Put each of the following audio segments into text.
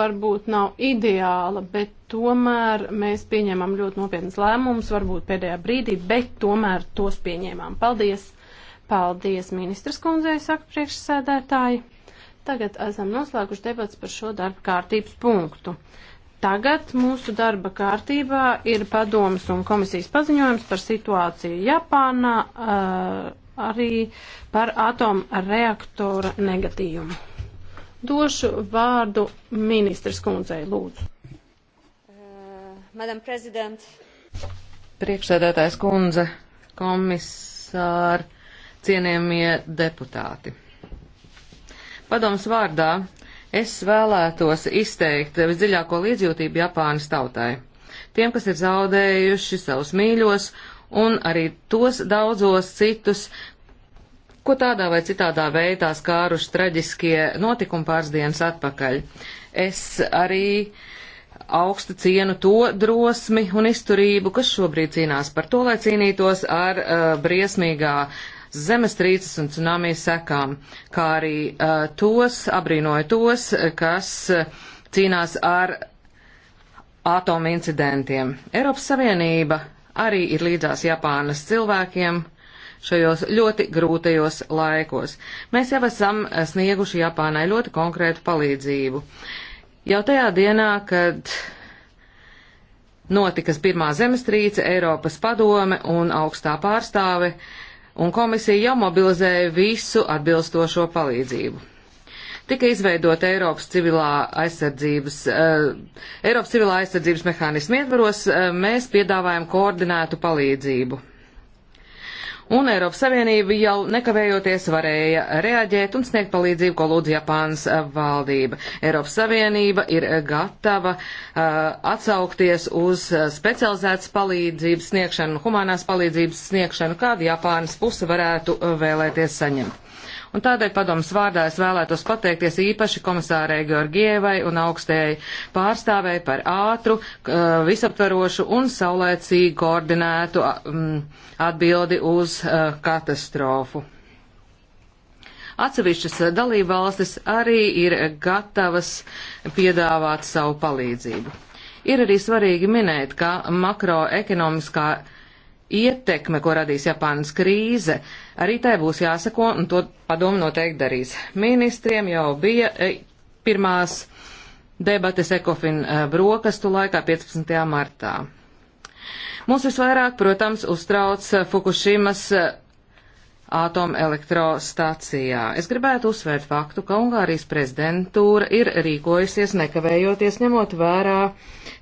varbūt nav ideāla, bet tomēr mēs pieņēmām ļoti nopietnas lēmumus, varbūt pēdējā brīdī, bet tomēr tos pieņēmām. Paldies! Paldies ministras kundzei, saka priekšsēdētāji. Tagad esam noslēguši debats par šo darba kārtības punktu. Tagad mūsu darba kārtībā ir padomas un komisijas paziņojums par situāciju Japānā, eh, arī par atomreaktora negatīvumu. Došu vārdu ministras kundzei, lūdzu. Uh, Priekšsēdētājs kundze, komisāri, cienījamie deputāti. Padoms vārdā es vēlētos izteikt visdziļāko līdzjūtību Japānas tautai. Tiem, kas ir zaudējuši savus mīļos, un arī tos daudzos citus, ko tādā vai citādā veidā skāruši traģiskie notikumi pāris dienas atpakaļ. Es arī augstu cienu to drosmi un izturību, kas šobrīd cīnās par to, lai cīnītos ar uh, briesmīgā zemestrīces un tsunami sekām, kā arī uh, tos, abrīnoju tos, kas uh, cīnās ar atomu incidentiem. Eiropas Savienība arī ir līdzās Japānas cilvēkiem, šajos ļoti grūtajos laikos. Mēs jau esam snieguši Japānai ļoti konkrētu palīdzību. Jau tajā dienā, kad notikas pirmā zemestrīce, Eiropas padome un augstā pārstāve un komisija jau mobilizēja visu atbilstošo palīdzību. Tika izveidota Eiropas civilā aizsardzības, uh, Eiropas civilā aizsardzības mehānismu ietvaros, uh, mēs piedāvājam koordinētu palīdzību un Eiropas Savienība jau nekavējoties varēja reaģēt un sniegt palīdzību, ko lūdz Japānas eh, valdība. Eiropas Savienība ir eh, gatava uh, atsaukties uz specializētas palīdzības sniegšanu, humanās palīdzības sniegšanu, kādu Japānas puse varētu vēlēties saņemt. Un tādēļ padomas vārdā es vēlētos pateikties īpaši komisārai Georgievai un augstējai pārstāvēji par ātru, uh, visaptvarošu un saulēcīgi koordinētu mm, atbildi uz uh, katastrofu. Atsevišķas dalībvalstis arī ir gatavas piedāvāt savu palīdzību. Ir arī svarīgi minēt, ka makroekonomiskā ietekme, ko radīs Japānas krīze, arī tai būs jāsako, un to padomu noteikti darīs. Ministriem jau bija e, pirmās debates Ekofin e, brokastu laikā 15. martā. Mūs visvairāk, protams, uztrauc e, Fukushimas atomelektrostacijā. Es gribētu uzsvērt faktu, ka Ungārijas prezidentūra ir rīkojusies nekavējoties ņemot vērā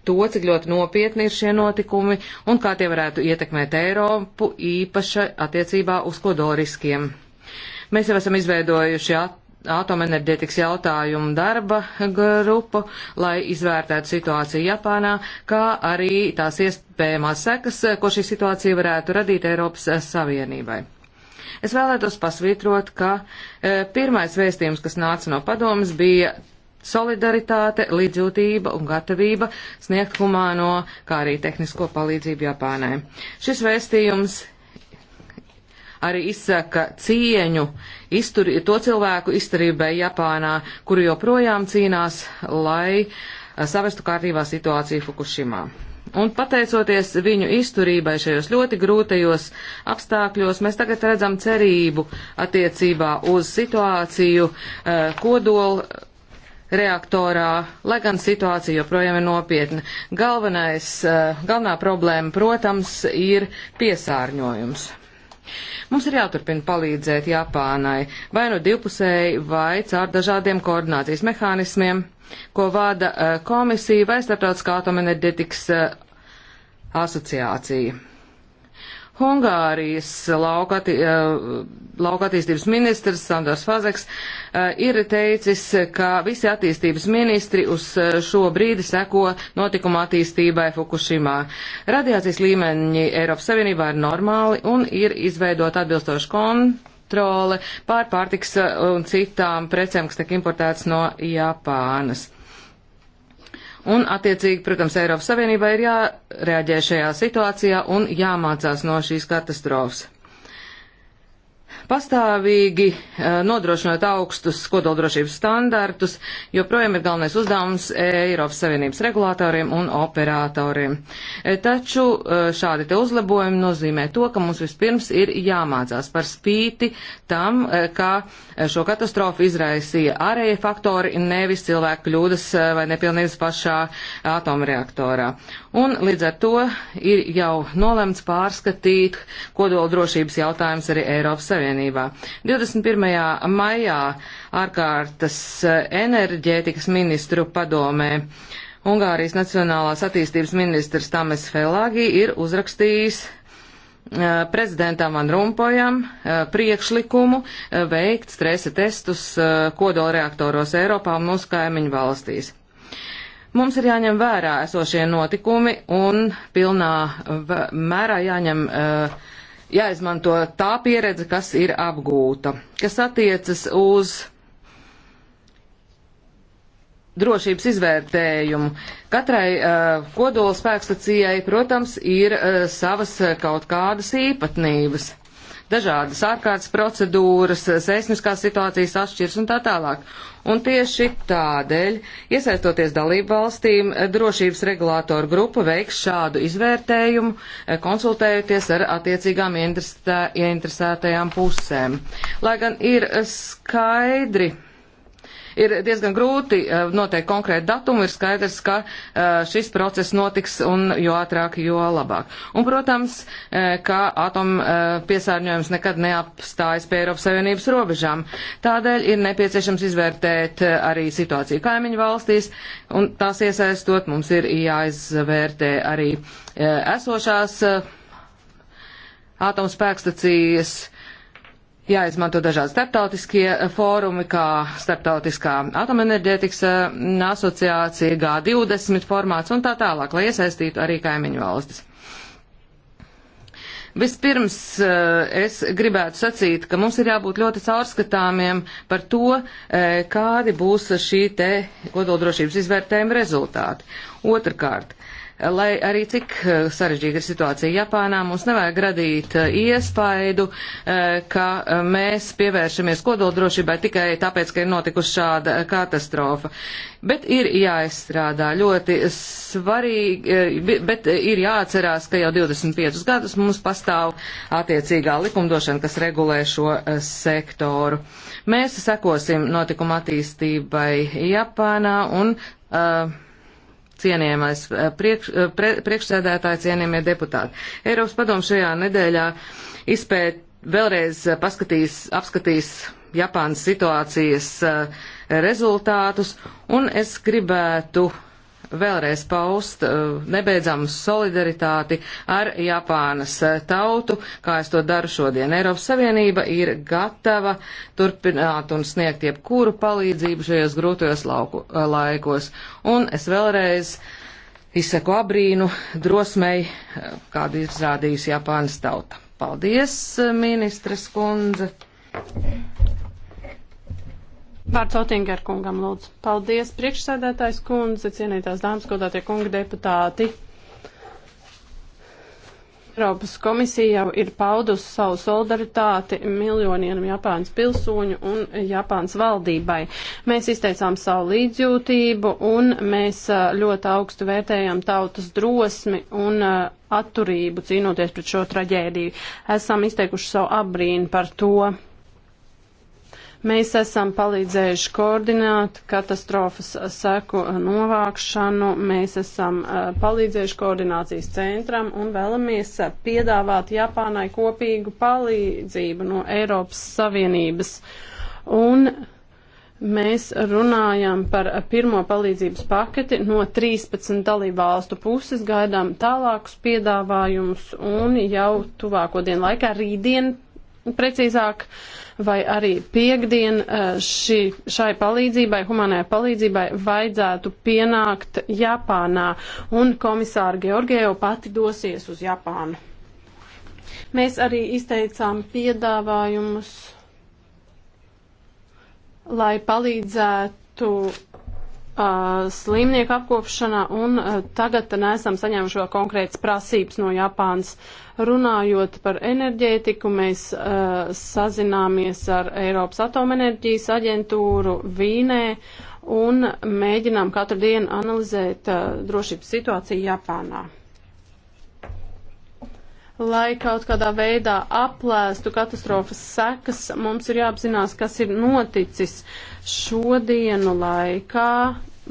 to, cik ļoti nopietni ir šie notikumi un kā tie varētu ietekmēt Eiropu īpaši attiecībā uz kodoriskiem. Mēs jau esam izveidojuši at atomenerģētikas jautājumu darba grupu, lai izvērtētu situāciju Japānā, kā arī tās iespējamās sekas, ko šī situācija varētu radīt Eiropas Savienībai. Es vēlētos pasvītrot, ka e, pirmais vēstījums, kas nāca no padomas, bija solidaritāte, līdzjūtība un gatavība sniegt humāno, kā arī tehnisko palīdzību Japānai. Šis vēstījums arī izsaka cieņu izturi, to cilvēku izturībai Japānā, kuri joprojām cīnās, lai e, savestu kārtībā situāciju Fukushimā. Un pateicoties viņu izturībai šajos ļoti grūtajos apstākļos, mēs tagad redzam cerību attiecībā uz situāciju eh, kodola reaktorā, lai gan situācija joprojām ir nopietna. Galvenais, eh, galvenā problēma, protams, ir piesārņojums. Mums ir jāturpina palīdzēt Japānai vai nu no divpusēji vai caur dažādiem koordinācijas mehānismiem ko vada eh, komisija vai Startautiskā atomenerģetikas eh, asociācija. Hungārijas laukati, eh, laukatīstības ministrs Sandors Fazeks ir teicis, ka visi attīstības ministri uz šo brīdi seko notikuma attīstībai Fukushimā. Radiācijas līmeņi Eiropas Savienībā ir normāli un ir izveidot atbilstoši kon kontrole pār pārtiks eh, un citām precēm, kas tiek importētas no Japānas. Un, attiecīgi, protams, Eiropas Savienībai ir jāreaģē šajā situācijā un jāmācās no šīs katastrofas. Pastāvīgi eh, nodrošinot augstus kodoldrošības standartus, joprojām ir galvenais uzdevums eh, Eiropas Savienības regulātoriem un operatoriem. Eh, taču šādi te uzlabojumi nozīmē to, ka mums vispirms ir jāmācās par spīti tam, ka šo katastrofu izraisīja ārējie faktori, nevis cilvēku kļūdas vai nepilnības pašā atomreaktorā. Un līdz ar to ir jau nolemts pārskatīt kodola drošības jautājums arī Eiropas Savienībā. 21. maijā ārkārtas eh, enerģētikas ministru padomē Ungārijas Nacionālās attīstības ministrs Tames Felāgi ir uzrakstījis eh, prezidentam Van Rumpojam eh, priekšlikumu veikt stresa testus kodolreaktoros Eiropā un mūsu kaimiņu valstīs. Mums ir jāņem vērā esošie notikumi un pilnā mērā jāņem, eh, jāizmanto tā pieredze, kas ir apgūta, kas attiecas uz drošības izvērtējumu. Katrai uh, kodola spēkstacijai, protams, ir uh, savas kaut kādas īpatnības dažādas ārkārtas procedūras, seismiskās situācijas atšķirs un tā tālāk. Un tieši tādēļ, iesaistoties dalību valstīm, drošības regulātoru grupa veiks šādu izvērtējumu, eh, konsultējoties ar attiecīgām ieinteresētajām pusēm. Lai gan ir skaidri, ir diezgan grūti eh, noteikt konkrētu datumu, ir skaidrs, ka eh, šis process notiks un jo ātrāk, jo labāk. Un, protams, eh, ka atomu piesārņojums nekad neapstājas pie Eiropas Savienības robežām. Tādēļ ir nepieciešams izvērtēt arī situāciju kaimiņu valstīs un tās iesaistot mums ir jāizvērtē arī esošās atomspēkstacijas jāizmanto dažādi starptautiskie eh, fórumi, kā Startautiskā atomenerģētikas eh, asociācija, G20 formāts un tā tālāk, lai iesaistītu arī kaimiņu valstis. Vispirms eh, es gribētu sacīt, ka mums ir jābūt ļoti caurskatāmiem par to, kādi būs šī te kodoldrošības izvērtējuma rezultāti. Otrkārt, lai arī cik eh, sarežģīta ir situācija Japānā, mums nevajag radīt eh, iespaidu, eh, ka mēs pievēršamies kodoldrošībai tikai tāpēc, ka ir notikusi šāda katastrofa. Bet ir jāizstrādā ļoti svarīgi, bet ir jāatcerās, ka jau 25 gadus mums pastāv attiecīgā likumdošana, kas regulē šo sektoru. Mēs sekosim notikuma attīstībai Japānā un uh, cienījamais eh, priekš, eh, pre, priekšsēdētāji, cienījamie deputāti. Eiropas padomu šajā nedēļā izpēt vēlreiz eh, paskatīs, apskatīs Japānas situācijas rezultātus, un es gribētu vēlreiz paust eh, nebeidzamu solidaritāti ar Japānas eh, tautu, kā es to daru šodien. Eiropas Savienība ir gatava turpināt un sniegt jebkuru palīdzību šajos grūtajos lauku, eh, laikos. Un es vēlreiz izsaku abrīnu drosmei, kādu izrādījusi Japānas tauta. Paldies, ministres kundze! Vārds Otinger kungam lūdzu. Paldies, priekšsēdētājs kundze, cienītās dāmas, godātie kungi deputāti. Eiropas komisija jau ir paudusi savu solidaritāti miljoniem Japānas pilsoņu un Japānas valdībai. Mēs izteicām savu līdzjūtību un mēs ļoti augstu vērtējam tautas drosmi un atturību cīnoties pret šo traģēdiju. Esam izteikuši savu apbrīnu par to. Mēs esam palīdzējuši koordinēt katastrofas seku novākšanu, mēs esam eh, palīdzējuši koordinācijas centram un vēlamies eh, piedāvāt Japānai kopīgu palīdzību no Eiropas Savienības. Un Mēs runājam par pirmo palīdzības paketi no 13 dalībvalstu puses, gaidām tālākus piedāvājumus un jau tuvāko dienu laikā rītdien precīzāk, vai arī piekdien eh, ši, šai palīdzībai, humanai palīdzībai vajadzētu pienākt Japānā, un komisāra Georgievo pati dosies uz Japānu. Mēs arī izteicām piedāvājumus, lai palīdzētu Uh, slimnieku apkopšanā, un uh, tagad nesam saņēmuši vēl konkrētas prasības no Japānas. Runājot par enerģētiku, mēs uh, sazināmies ar Eiropas atomenerģijas aģentūru Vīnē un mēģinām katru dienu analizēt uh, drošības situāciju Japānā lai kaut kādā veidā aplēstu katastrofas sekas, mums ir jāapzinās, kas ir noticis šodienu laikā.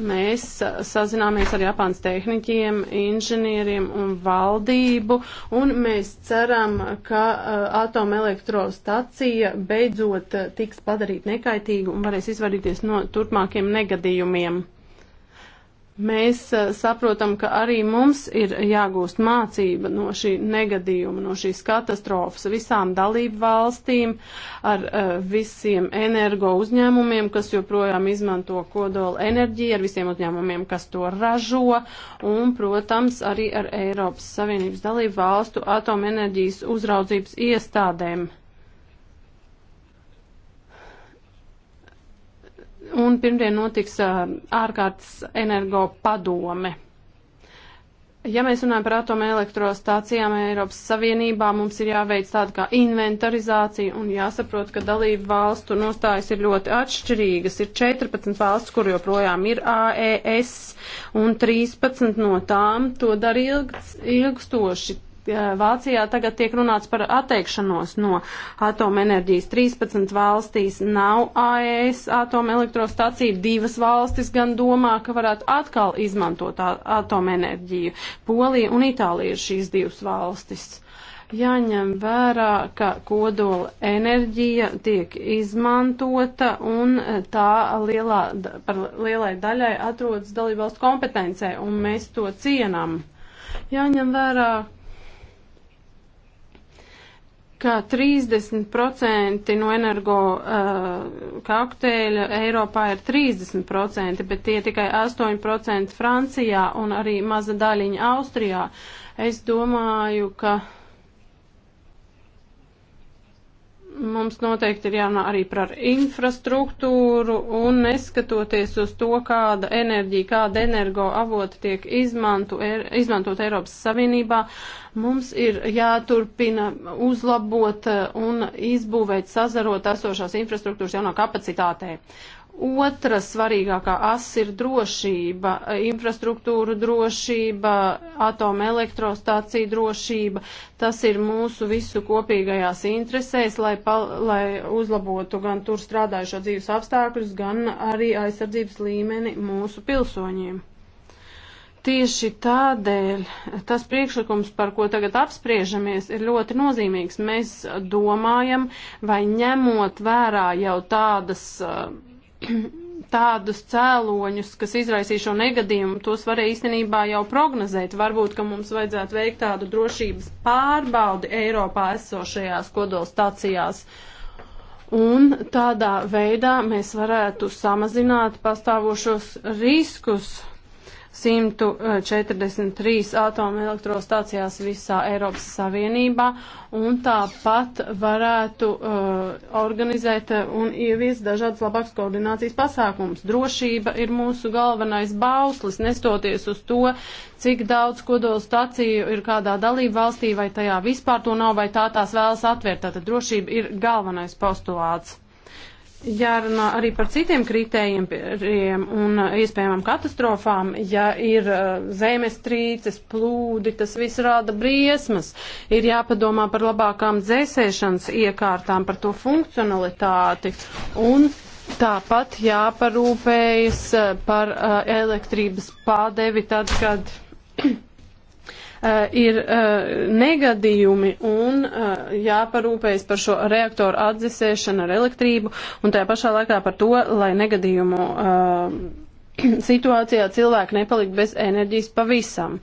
Mēs sazināmies ar Japānas tehniķiem, inženieriem un valdību, un mēs ceram, ka uh, atomelektrostacija beidzot tiks padarīta nekaitīga un varēs izvairīties no turpmākiem negadījumiem. Mēs eh, saprotam, ka arī mums ir jāgūst mācība no šī negadījuma, no šīs katastrofas visām dalību valstīm, ar eh, visiem energo uzņēmumiem, kas joprojām izmanto kodola enerģiju, ar visiem uzņēmumiem, kas to ražo, un, protams, arī ar Eiropas Savienības dalību valstu atomenerģijas uzraudzības iestādēm. un pirmdien notiks ārkārtas energo padome. Ja mēs runājam par atomelektrostācijām Eiropas Savienībā, mums ir jāveic tāda kā inventarizācija un jāsaprot, ka dalību valstu nostājas ir ļoti atšķirīgas. Ir 14 valsts, kur joprojām ir AES, un 13 no tām to dara ilgst, ilgstoši. Vācijā tagad tiek runāts par atteikšanos no atomenerģijas. 13 valstīs nav AES atomelektrostaciju, divas valstis gan domā, ka varētu atkal izmantot atomenerģiju. Polija un Itālija ir šīs divas valstis. Jāņem vērā, ka kodola enerģija tiek izmantota un tā lielā, par lielai daļai atrodas dalībvalstu kompetencē, un mēs to cienam jāņem vērā, ka 30% no energo uh, kokteļa Eiropā ir 30%, bet tie tikai 8% Francijā un arī maza daļiņa Austrijā. Es domāju, ka uh, mums noteikti ir jārunā arī par infrastruktūru un neskatoties uz to, kāda enerģija, kāda energo avota tiek izmantu, er, izmantot Eiropas Savienībā, mums ir jāturpina uzlabot un izbūvēt sazarot esošās infrastruktūras jauno kapacitātē. Otra svarīgākā as ir drošība, infrastruktūra drošība, atomelektrostācija drošība. Tas ir mūsu visu kopīgajās interesēs, lai, pal, lai uzlabotu gan tur strādājušo dzīves apstākļus, gan arī aizsardzības līmeni mūsu pilsoņiem. Tieši tādēļ tas priekšlikums, par ko tagad apspriežamies, ir ļoti nozīmīgs. Mēs domājam, vai ņemot vērā jau tādas tādus cēloņus, kas izraisīja šo negadījumu, tos varēja īstenībā jau prognozēt. Varbūt, ka mums vajadzētu veikt tādu drošības pārbaudi Eiropā esošajās kodolstacijās. Un tādā veidā mēs varētu samazināt pastāvošos riskus, 143 atomelektrostācijās visā Eiropas Savienībā un tāpat varētu uh, organizēt un ieviest dažādas labākas koordinācijas pasākums. Drošība ir mūsu galvenais bauslis, nestoties uz to, cik daudz kodolu staciju ir kādā dalību valstī vai tajā vispār to nav vai tā tās vēlas atvērt. Tātad drošība ir galvenais postulāts jārunā arī par citiem kritējiem un uh, iespējamām katastrofām. Ja ir uh, zemestrīces, plūdi, tas viss rada briesmas. Ir jāpadomā par labākām dzēsēšanas iekārtām, par to funkcionalitāti. Un tāpat jāparūpējas uh, par elektrības pārdevi tad, kad Eh, ir eh, negadījumi un eh, jāparūpējas par šo reaktoru atdzesēšanu ar elektrību un tajā pašā laikā par to, lai negadījumu situācijā cilvēki nepalika bez enerģijas pavisam.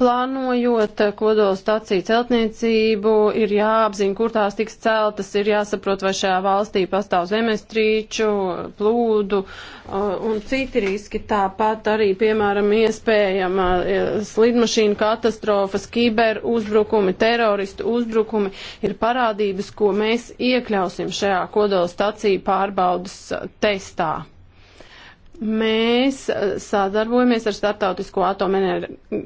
Plānojot kodola stāciju celtniecību, ir jāapzina, kur tās tiks celtas, ir jāsaprot, vai šajā valstī pastāv zemestrīču, plūdu uh, un citi riski. Tāpat arī, piemēram, iespējama e, slidmašīna katastrofas, kiber uzbrukumi, teroristu uzbrukumi ir parādības, ko mēs iekļausim šajā kodola stāciju pārbaudas testā. Mēs eh, sadarbojamies ar Startautisko atomenerģiju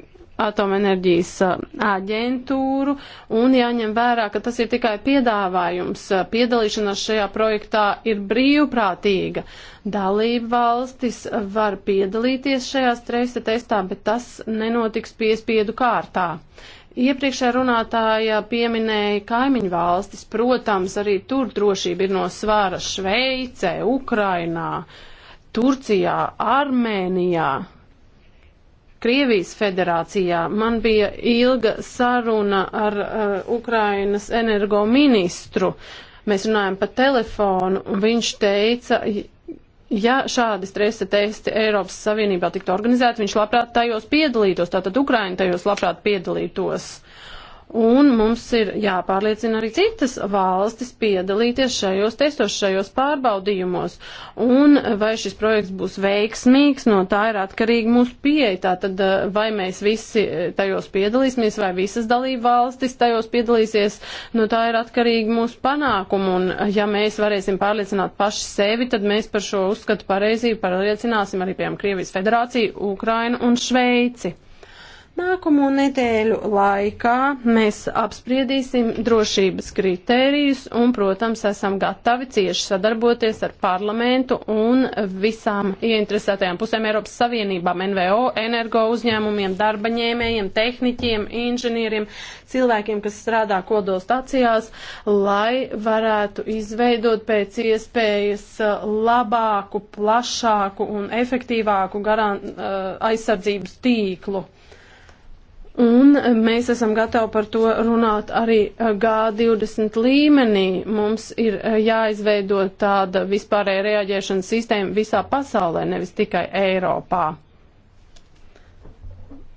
atomenerģijas eh, aģentūru un jāņem vērā, ka tas ir tikai piedāvājums. Eh, piedalīšanās šajā projektā ir brīvprātīga. Dalība valstis var piedalīties šajā stresa testā, bet tas nenotiks piespiedu kārtā. Iepriekšējā runātāja pieminēja kaimiņu valstis, protams, arī tur drošība ir no svāra Šveicē, Ukrainā. Uh, Turcijā, Armēnijā. Krievijas federācijā man bija ilga saruna ar uh, Ukrainas energo ministru. Mēs runājam pa telefonu, un viņš teica, ja šādi stresa testi Eiropas Savienībā tiktu organizēti, viņš labprāt tajos piedalītos, tātad Ukraina tajos labprāt piedalītos. Un mums ir jāpārliecina arī citas valstis piedalīties šajos testos, šajos pārbaudījumos. Un vai šis projekts būs veiksmīgs, no tā ir atkarīga mūsu pieeja. Tātad, eh, vai mēs visi eh, tajos piedalīsimies, vai visas dalība valstis tajos piedalīsies, no tā ir atkarīga mūsu panākuma. Un eh, ja mēs varēsim pārliecināt paši sevi, tad mēs par šo uzskatu pareizību pārliecināsim arī, piemēram, Krievijas federāciju, Ukrainu un Šveici. Nākamo nedēļu laikā mēs apspriedīsim drošības kritērijus un, protams, esam gatavi cieši sadarboties ar parlamentu un visām ieinteresētajām pusēm Eiropas Savienībām, NVO, energo uzņēmumiem, darba ņēmējiem, tehniķiem, inženieriem, cilvēkiem, kas strādā kodolstacijās, lai varētu izveidot pēc iespējas uh, labāku, plašāku un efektīvāku garan, uh, aizsardzības tīklu. Un mēs esam gatavi par to runāt arī eh, G20 līmenī. Mums ir eh, jāizveido tāda vispārēja reaģēšanas sistēma visā pasaulē, nevis tikai Eiropā.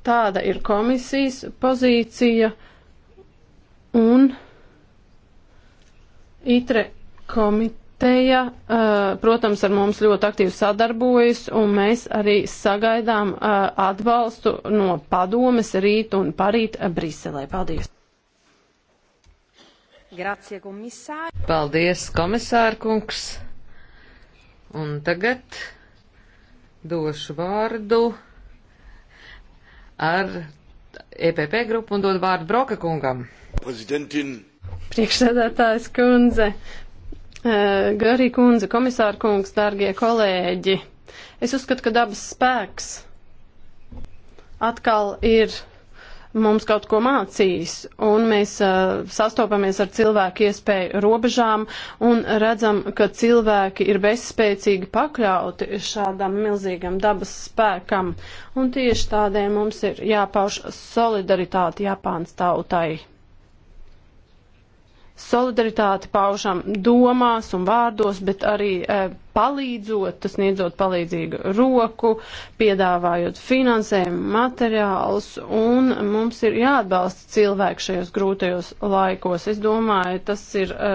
Tāda ir komisijas pozīcija un ITRE komiteja komiteja, uh, protams, ar mums ļoti aktīvi sadarbojas, un mēs arī sagaidām uh, atbalstu no padomes rīt un parīt uh, Briselē. Paldies! Grazie, komisāri! Paldies, komisārkungs! Un tagad došu vārdu ar EPP grupu un dodu vārdu Broka kungam. Prezidentin. Priekšsēdētājs kundze, Eh, Garī kundze, komisāra kungs, dargie kolēģi, es uzskatu, ka dabas spēks atkal ir mums kaut ko mācījis, un mēs uh, sastopamies ar cilvēku iespēju robežām un redzam, ka cilvēki ir bezspēcīgi pakļauti šādam milzīgam dabas spēkam, un tieši tādēļ mums ir jāpauž solidaritāte Japānas tautai solidaritāti paužam domās un vārdos, bet arī e, palīdzot, sniedzot palīdzīgu roku, piedāvājot finansējumu materiālus, un mums ir jāatbalsta cilvēki šajos grūtajos laikos. Es domāju, tas ir e,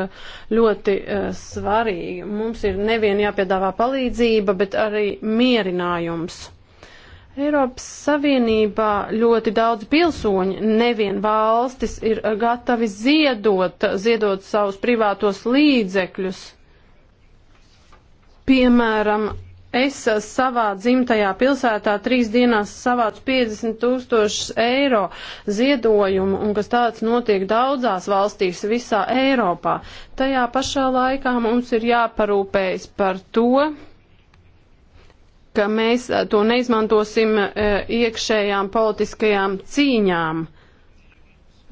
ļoti e, svarīgi. Mums ir nevien jāpiedāvā palīdzība, bet arī mierinājums. Eiropas Savienībā ļoti daudz pilsoņi, nevien valstis, ir gatavi ziedot, ziedot savus privātos līdzekļus. Piemēram, es savā dzimtajā pilsētā trīs dienās savācu 50 tūkstošus eiro ziedojumu, un kas tāds notiek daudzās valstīs visā Eiropā. Tajā pašā laikā mums ir jāparūpējas par to, ka mēs eh, to neizmantosim eh, iekšējām politiskajām cīņām.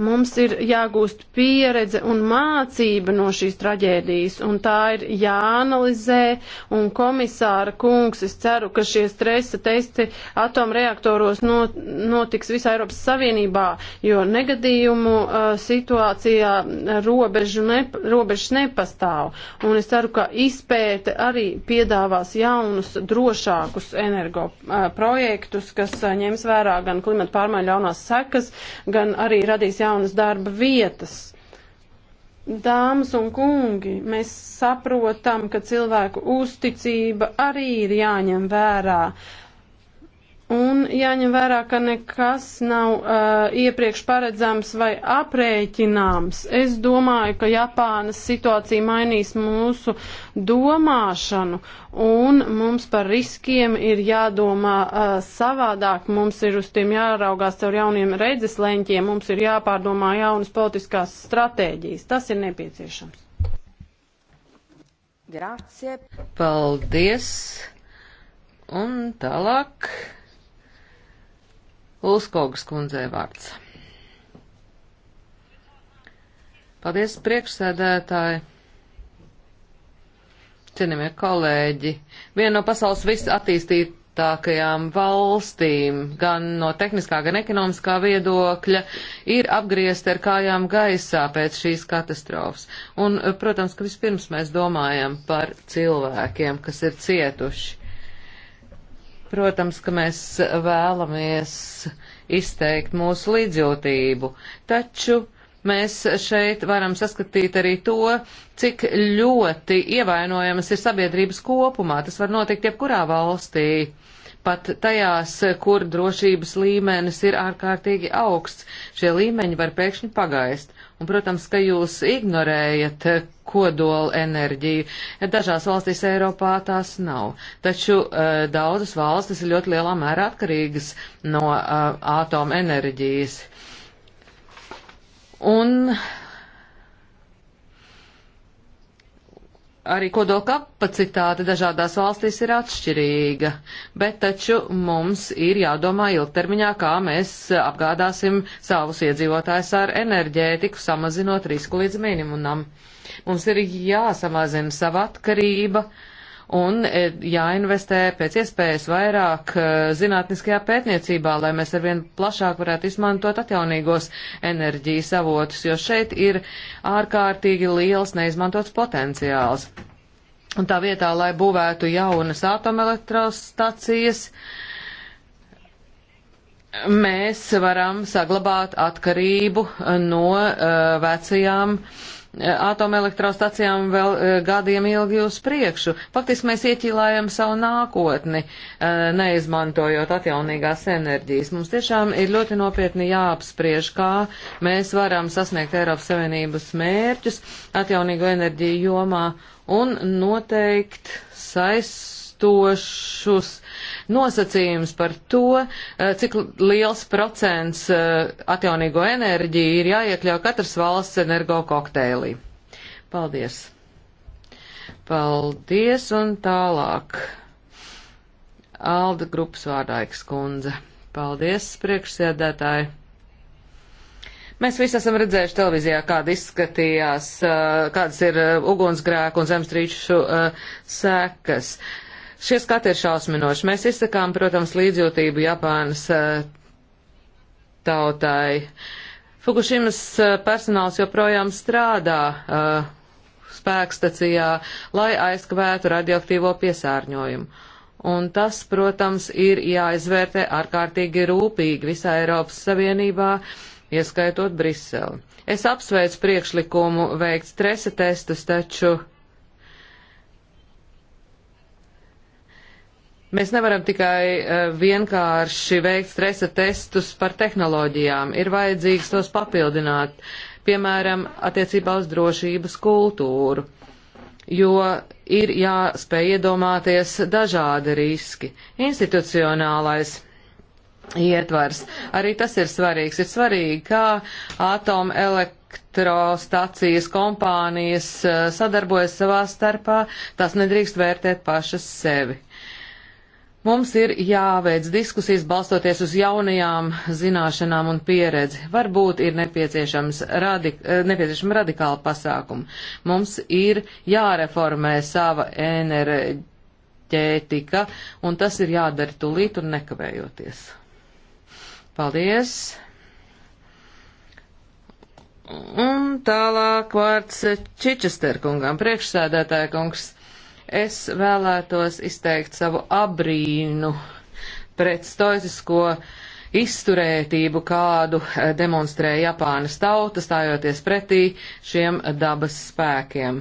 Mums ir jāgūst pieredze un mācība no šīs traģēdijas, un tā ir jāanalizē, un komisāra kungs, es ceru, ka šie stresa testi atomreaktoros not, notiks visā Eiropas Savienībā, jo negadījumu uh, situācijā robežu ne, robežas nepastāv, un es ceru, ka izpēte arī piedāvās jaunus, drošākus energo uh, projektus, kas uh, ņems vērā gan klimata pārmaiņu ļaunās sekas, gan arī radīs jaunus jaunas darba vietas. Dāmas un kungi, mēs saprotam, ka cilvēku uzticība arī ir jāņem vērā. Uh, Un jāņem vērā, ka nekas nav uh, iepriekš paredzams vai aprēķināms. Es domāju, ka Japānas situācija mainīs mūsu domāšanu, un mums par riskiem ir jādomā uh, savādāk. Mums ir uz tiem jāraugās caur jauniem redzesleņķiem, mums ir jāpārdomā jaunas politiskās stratēģijas. Tas ir nepieciešams. Grācie. Paldies. Un tālāk. Ulskogas kundzei vārds. Paldies, priekšsēdētāji! Cienījamie kolēģi! Viena no pasaules visattīstīt attīstītākajām valstīm, gan no tehniskā, gan ekonomiskā viedokļa, ir apgriezta ar kājām gaisā pēc šīs katastrofas. Un, protams, ka vispirms mēs domājam par cilvēkiem, kas ir cietuši. Protams, ka mēs vēlamies izteikt mūsu līdzjūtību, taču mēs šeit varam saskatīt arī to, cik ļoti ievainojamas ir sabiedrības kopumā. Tas var notikt jebkurā valstī, pat tajās, kur drošības līmenis ir ārkārtīgi augsts. Šie līmeņi var pēkšņi pagaist. Un, protams, ka jūs ignorējat kodola enerģiju. Dažās valstīs Eiropā tās nav. Taču uh, daudzas valstis ir ļoti lielā mērā atkarīgas no uh, atomenerģijas. Un uh, arī kodola kapacitāte dažādās valstīs ir atšķirīga, bet taču mums ir jādomā ilgtermiņā, kā mēs apgādāsim savus iedzīvotājus ar enerģētiku, samazinot risku līdz minimumam. Mums ir jāsamazina sava atkarība un e, jāinvestē pēc iespējas vairāk e, zinātniskajā pētniecībā, lai mēs arvien plašāk varētu izmantot atjaunīgos enerģijas avotus, jo šeit ir ārkārtīgi liels neizmantots potenciāls. Un tā vietā, lai būvētu jaunas atomelektrostacijas, mēs varam saglabāt atkarību no uh, vecajām uh, atomelektrostacijām vēl eh, gadiem ilgi uz priekšu. Faktiski mēs ieķīlājam savu nākotni, eh, neizmantojot atjaunīgās enerģijas. Mums tiešām ir ļoti nopietni jāapspriež, kā mēs varam sasniegt Eiropas Savienības mērķus atjaunīgo enerģiju jomā un noteikt saistošus nosacījums par to, eh, cik liels procents eh, atjaunīgo enerģiju ir jāiekļauj katras valsts energo kokteilī. Paldies! Paldies un tālāk. Alda grupas vārdāiks kundze. Paldies, priekšsēdētāji. Mēs visi esam redzējuši televīzijā, kāda izskatījās, eh, kādas ir ugunsgrēku un zemstrīču sekas. Uh, Šie skati ir šausminoši. Mēs izsakām, protams, līdzjūtību Japānas eh, tautai. Fukushimas eh, personāls joprojām strādā eh, spēkstacijā, lai aizkavētu radioaktīvo piesārņojumu. Un tas, protams, ir jāizvērtē ārkārtīgi rūpīgi visā Eiropas Savienībā, ieskaitot Briseli. Es apsveicu priekšlikumu veikt stresa testus, taču uh, Mēs nevaram tikai e, vienkārši veikt stresa testus par tehnoloģijām, ir vajadzīgs tos papildināt, piemēram, attiecībā uz drošības kultūru, jo ir jāspēj iedomāties dažādi riski. Institucionālais ietvars arī tas ir svarīgs. Ir svarīgi, kā atomelektrība elektrostacijas kompānijas e, sadarbojas savā starpā, tās nedrīkst vērtēt pašas sevi. Mums ir jāveic diskusijas balstoties uz jaunajām zināšanām un pieredzi. Varbūt ir nepieciešams radik eh, nepieciešama radikāla pasākuma. Mums ir jāreformē sava enerģētika, un tas ir jādara tulīt un nekavējoties. Paldies! Un tālāk vārds Čičesterkungam, priekšsēdētāja kungs. Es vēlētos izteikt savu abrīnu pret stoizisko izturētību, kādu eh, demonstrēja Japānas tauta, stājoties pretī šiem dabas spēkiem.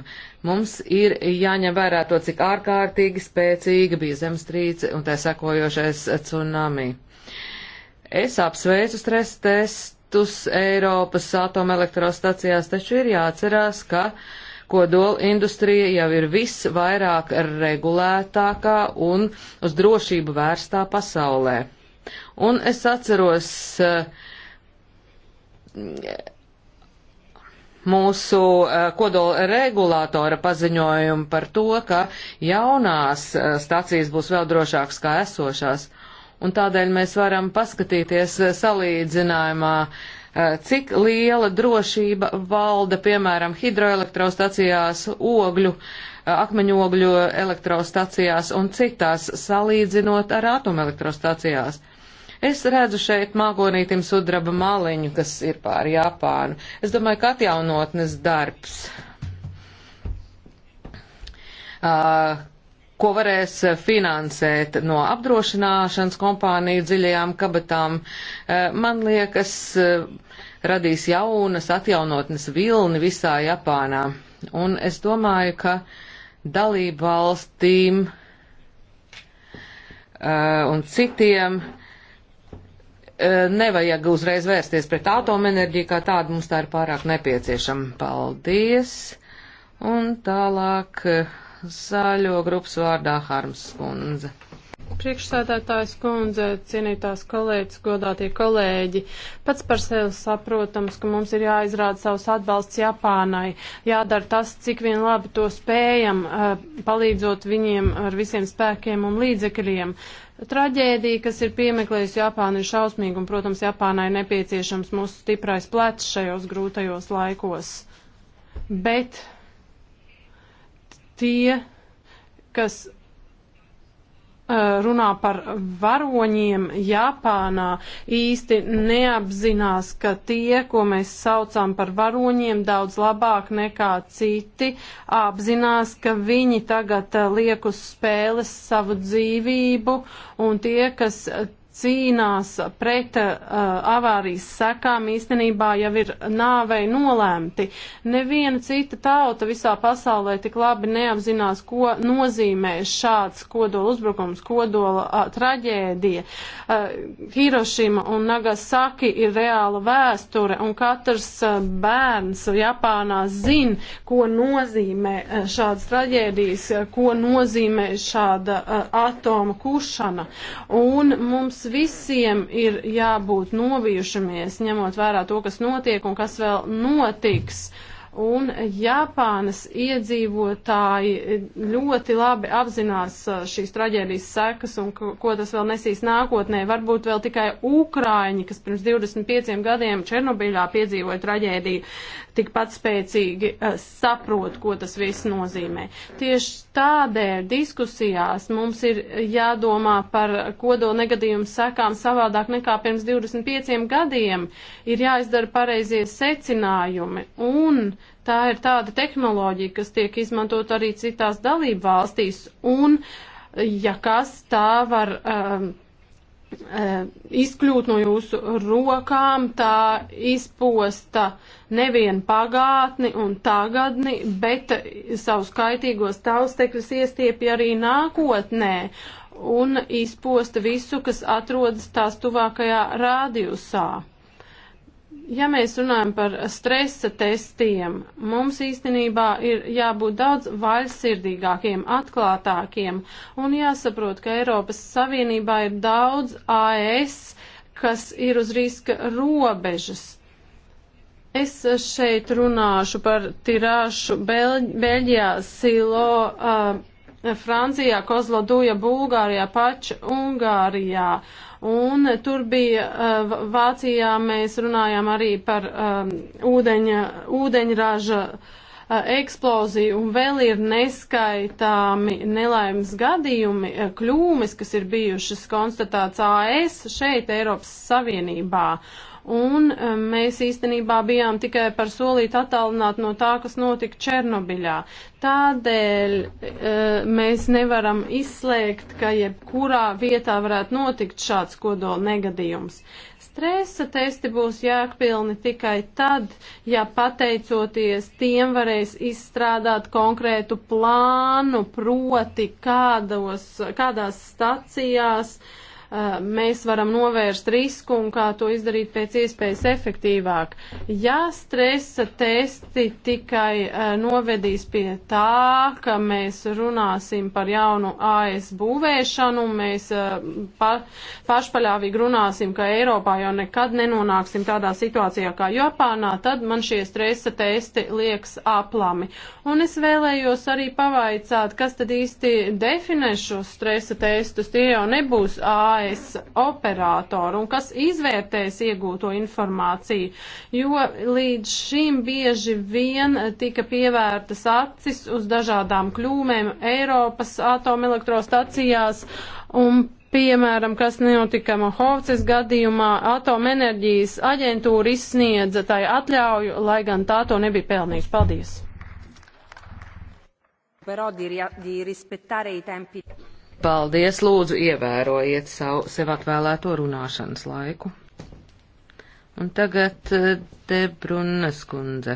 Mums ir jāņem vērā to, cik ārkārtīgi spēcīga bija zemstrīce un tā sekojošais eh, tsunami. Es apsveicu stres testus Eiropas atomelektrostacijās, taču ir jāatcerās, ka uh, Kodola industrija jau ir visvairāk regulētākā un uz drošību vērstā pasaulē. Un es atceros eh, mūsu eh, kodola regulātora paziņojumu par to, ka jaunās eh, stacijas būs vēl drošākas kā esošās. Un tādēļ mēs varam paskatīties salīdzinājumā uh, Eh, cik liela drošība valda, piemēram, hidroelektrostacijās, ogļu, eh, akmeņogļu elektrostacijās un citās, salīdzinot ar atomelektrostacijās. Es redzu šeit mākonītim sudraba maliņu, kas ir pār Japānu. Es domāju, ka atjaunotnes darbs. Uh, ko varēs eh, finansēt no apdrošināšanas kompāniju dziļajām kabatām, eh, man liekas, eh, radīs jaunas atjaunotnes vilni visā Japānā. Un es domāju, ka dalību valstīm un citiem nevajag uzreiz vērsties pret atomenerģiju, kā tādu mums tā ir pārāk nepieciešama. Paldies! Un tālāk zaļo grupas vārdā Harms kundze. Priekšsēdētājs kundze, cienītās kolēģis, godātie kolēģi, pats par sevi saprotams, ka mums ir jāizrāda savus atbalsts Japānai, jādara tas, cik vien labi to spējam, eh, palīdzot viņiem ar visiem spēkiem un līdzekļiem. Traģēdija, kas ir piemeklējusi Japānu, ir šausmīga, un, protams, Japānai nepieciešams mūsu stiprais plecs šajos grūtajos laikos. Bet tie, kas uh, runā par varoņiem Japānā, īsti neapzinās, ka tie, ko mēs saucam par varoņiem, daudz labāk nekā citi, apzinās, ka viņi tagad uh, liek uz spēles savu dzīvību, un tie, kas cīnās pret uh, avārijas sekām, īstenībā jau ir nāvei nolēmti. Neviena cita tauta visā pasaulē tik labi neapzinās, ko nozīmē šāds kodola uzbrukums, kodola uh, traģēdija. Uh, Hirošima un Nagasaki ir reāla vēsture, un katrs uh, bērns Japānā zin, ko nozīmē uh, šādas traģēdijas, uh, ko nozīmē šāda uh, atoma kušana. Un mums visiem ir jābūt nobijušamies, ņemot vērā to, kas notiek un kas vēl notiks. Uh, un Japānas iedzīvotāji ļoti labi apzinās šīs traģēdijas sekas un ko, ko tas vēl nesīs nākotnē. Varbūt vēl tikai Ukrāņi, kas pirms 25 gadiem Černobiļā piedzīvoja traģēdiju, tikpat spēcīgi saprot, ko tas viss nozīmē. Tieši tādēļ diskusijās mums ir jādomā par kodola negadījumu sekām savādāk nekā pirms 25 gadiem. Ir jāizdara pareizie secinājumi. Un tā ir tāda tehnoloģija, kas tiek izmantot arī citās dalību valstīs, un, ja kas, tā var um, um, izkļūt no jūsu rokām, tā izposta nevien pagātni un tagadni, bet savus kaitīgos taustekļus iestiepja arī nākotnē un izposta visu, kas atrodas tās tuvākajā rādījusā. Ja mēs runājam par stresa testiem, mums īstenībā ir jābūt daudz vaļsirdīgākiem, atklātākiem un jāsaprot, ka Eiropas Savienībā ir daudz AS, e kas ir uz riska robežas. Es šeit runāšu par tirāšu Beļ Beļģijā silo. Uh, Francijā, Kozloduja, Bulgārijā, pač Ungārijā. Un tur bija eh, Vācijā, mēs runājām arī par um, ūdeņa, ūdeņraža eh, eksploziju un vēl ir neskaitāmi nelaimes gadījumi, eh, kļūmes, kas ir bijušas konstatēts AS šeit Eiropas Savienībā un um, mēs īstenībā bijām tikai par solīt attālināt no tā, kas notika Černobiļā. Tādēļ uh, mēs nevaram izslēgt, ka jebkurā vietā varētu notikt šāds kodola negadījums stresa testi būs jākpilni tikai tad, ja pateicoties tiem varēs izstrādāt konkrētu plānu, proti kādos, kādās stacijās uh, Eh, mēs varam novērst risku un kā to izdarīt pēc iespējas efektīvāk. Ja stresa testi tikai eh, novedīs pie tā, ka mēs runāsim par jaunu AS būvēšanu, mēs eh, pa, pašpaļāvīgi runāsim, ka Eiropā jau nekad nenonāksim tādā situācijā kā Japānā, tad man šie stresa testi liekas aplami. Un es vēlējos arī pavaicāt, kas tad īsti definē šos stresa testus. Tie jau nebūs AS izvērtētājs operātoru un kas izvērtēs iegūto informāciju, jo līdz šim bieži vien tika pievērtas acis uz dažādām kļūmēm Eiropas atomelektrostacijās un Piemēram, kas notika Mahovces gadījumā, atomenerģijas aģentūra izsniedza tai atļauju, lai gan tā to nebija pelnījusi. Paldies! Però di, di rispettare i tempi. Paldies, lūdzu, ievērojiet savu sev atvēlēto runāšanas laiku. Un tagad eh, Debrunas kundze.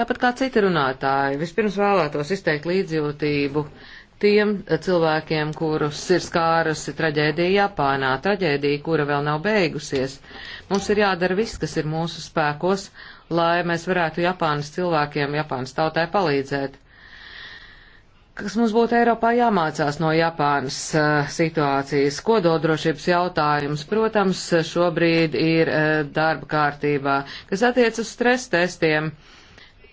Tāpat kā citi runātāji, vispirms vēlētos izteikt līdzjūtību tiem eh, cilvēkiem, kurus ir skārusi traģēdija Japānā, traģēdija, kura vēl nav beigusies. Mums ir jādara viss, kas ir mūsu spēkos, lai mēs varētu Japānas cilvēkiem, Japānas tautai palīdzēt kas mums būtu Eiropā jāmācās no Japānas uh, situācijas. Kododrošības jautājums, protams, šobrīd ir uh, darba kārtībā, kas attiec uz stres testiem,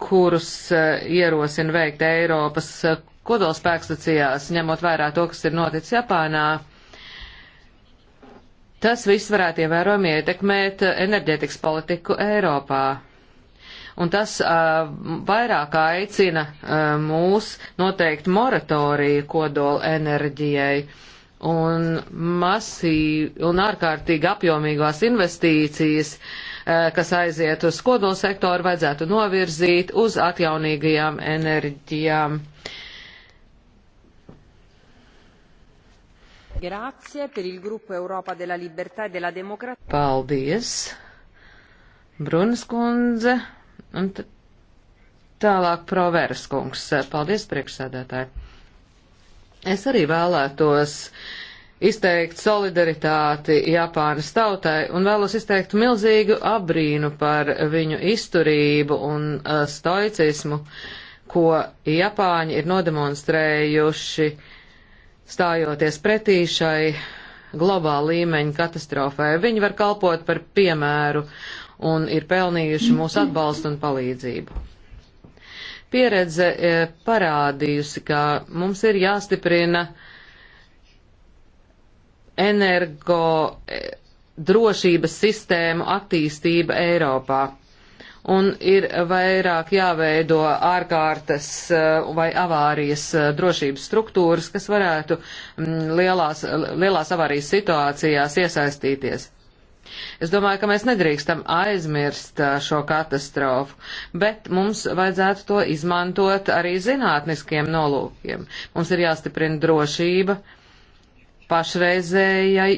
kurus uh, ierosina veikt Eiropas kodolspēkstacijās, ņemot vērā to, kas ir noticis Japānā. Tas viss varētu ievērojami ietekmēt enerģētikas politiku Eiropā un tas uh, vairāk aicina uh, mūs noteikt moratoriju kodola enerģijai un masīvi un ārkārtīgi apjomīgās investīcijas, uh, kas aiziet uz kodola sektoru, vajadzētu novirzīt uz atjaunīgajām enerģijām. Grazie per il gruppo Europa della Libertà e della Democrazia. Paldies. Brunas kundze Un tālāk proveras kungs. Paldies, priekšsēdētāji. Es arī vēlētos izteikt solidaritāti Japānas tautai un vēlos izteikt milzīgu abrīnu par viņu izturību un uh, stoicismu, ko Japāņi ir nodemonstrējuši stājoties pretī šai globāla līmeņa katastrofai. Viņi var kalpot par piemēru un ir pelnījuši mūsu atbalstu un palīdzību. Pieredze e, parādījusi, ka mums ir jāstiprina energo e, drošības sistēmu attīstība Eiropā. Un ir vairāk jāveido ārkārtas e, vai avārijas drošības struktūras, kas varētu mm, lielās, lielās avārijas situācijās iesaistīties. Es domāju, ka mēs nedrīkstam aizmirst šo katastrofu, bet mums vajadzētu to izmantot arī zinātniskiem nolūkiem. Mums ir jāstiprina drošība pašreizējai,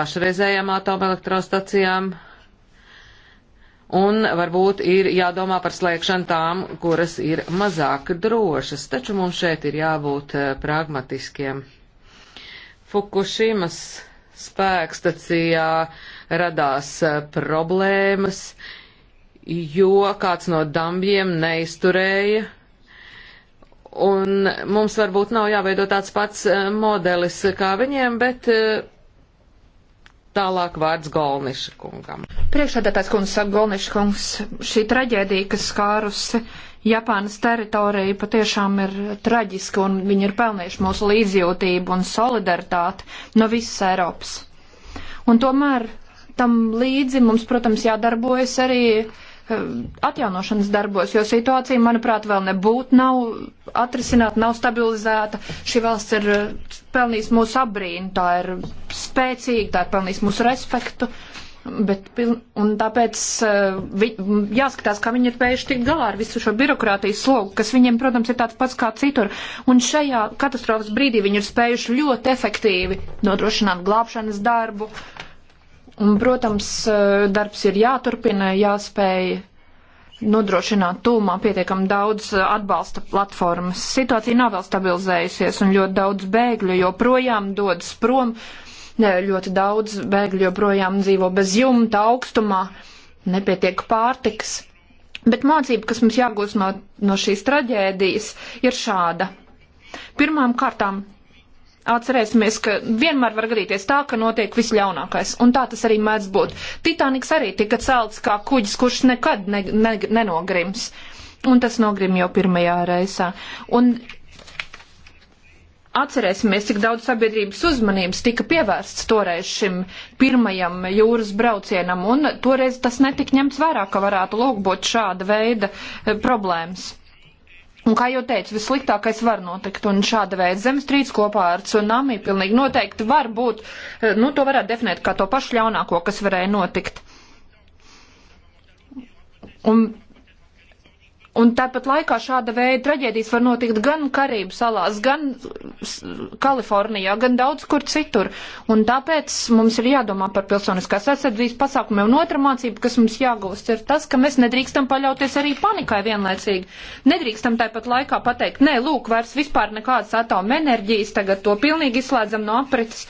pašreizējām atomelektrostacijām, un varbūt ir jādomā par slēgšanu tām, kuras ir mazāk drošas, taču mums šeit ir jābūt pragmatiskiem. Fukushimas spēkstacijā uh, radās e, problēmas, jo kāds no dambjiem neizturēja. Un mums varbūt nav jāveido tāds pats e, modelis kā viņiem, bet e, Tālāk vārds Golniša kungam. Priekšādātājs kungs saka, Golniša kungs, šī traģēdija, kas skārusi Japānas teritoriju, patiešām ir traģiska un viņi ir pelnījuši mūsu līdzjūtību un solidaritāti no visas Eiropas. Un tomēr tam līdzi mums, protams, jādarbojas arī eh, atjaunošanas darbos, jo situācija, manuprāt, vēl nebūtu, nav atrisināta, nav stabilizēta. Šī valsts ir eh, pelnījusi mūsu abrīnu, tā ir spēcīga, tā ir pelnījusi mūsu respektu. Bet, un tāpēc eh, vi, jāskatās, kā viņi ir spējuši tikt galā ar visu šo birokrātijas slogu, kas viņiem, protams, ir tāds pats kā citur. Un šajā katastrofas brīdī viņi ir spējuši ļoti efektīvi nodrošināt glābšanas darbu, Un, protams, eh, darbs ir jāturpina, jāspēj nodrošināt tūmā pietiekam daudz eh, atbalsta platformas. Situācija nav vēl stabilizējusies un ļoti daudz bēgļu joprojām dodas prom, ļoti daudz bēgļu joprojām dzīvo bez jumta augstumā, nepietiek pārtikas. Bet mācība, kas mums jāgūst no, no šīs traģēdijas, ir šāda. Pirmām kārtām Atcerēsimies, ka vienmēr var gadīties tā, ka notiek visļaunākais, un tā tas arī mēdz būt. Titāniks arī tika celts kā kuģis, kurš nekad ne, ne, nenogrims, un tas nogrim jau pirmajā reisā. Un atcerēsimies, cik daudz sabiedrības uzmanības tika pievērsts toreiz šim pirmajam jūras braucienam, un toreiz tas netika ņemts vērā, ka varētu lūk būt šāda veida eh, problēmas. Un, kā jau teicu, vissliktākais var notikt, un šāda veida zemestrīce kopā ar tsunami pilnīgi noteikti var būt, eh, nu, to varētu definēt kā to pašu ļaunāko, kas varēja notikt. Un Un tāpat laikā šāda veida traģēdijas var notikt gan Karību salās, gan Kalifornijā, gan daudz kur citur. Un tāpēc mums ir jādomā par pilsoniskās aizsardzības pasākumiem. Un otra mācība, kas mums jāgūst, ir tas, ka mēs nedrīkstam paļauties arī panikai vienlaicīgi. Nedrīkstam tāpat laikā pateikt, nē, lūk, vairs vispār nekādas atoma enerģijas, tagad to pilnīgi izslēdzam no aprits.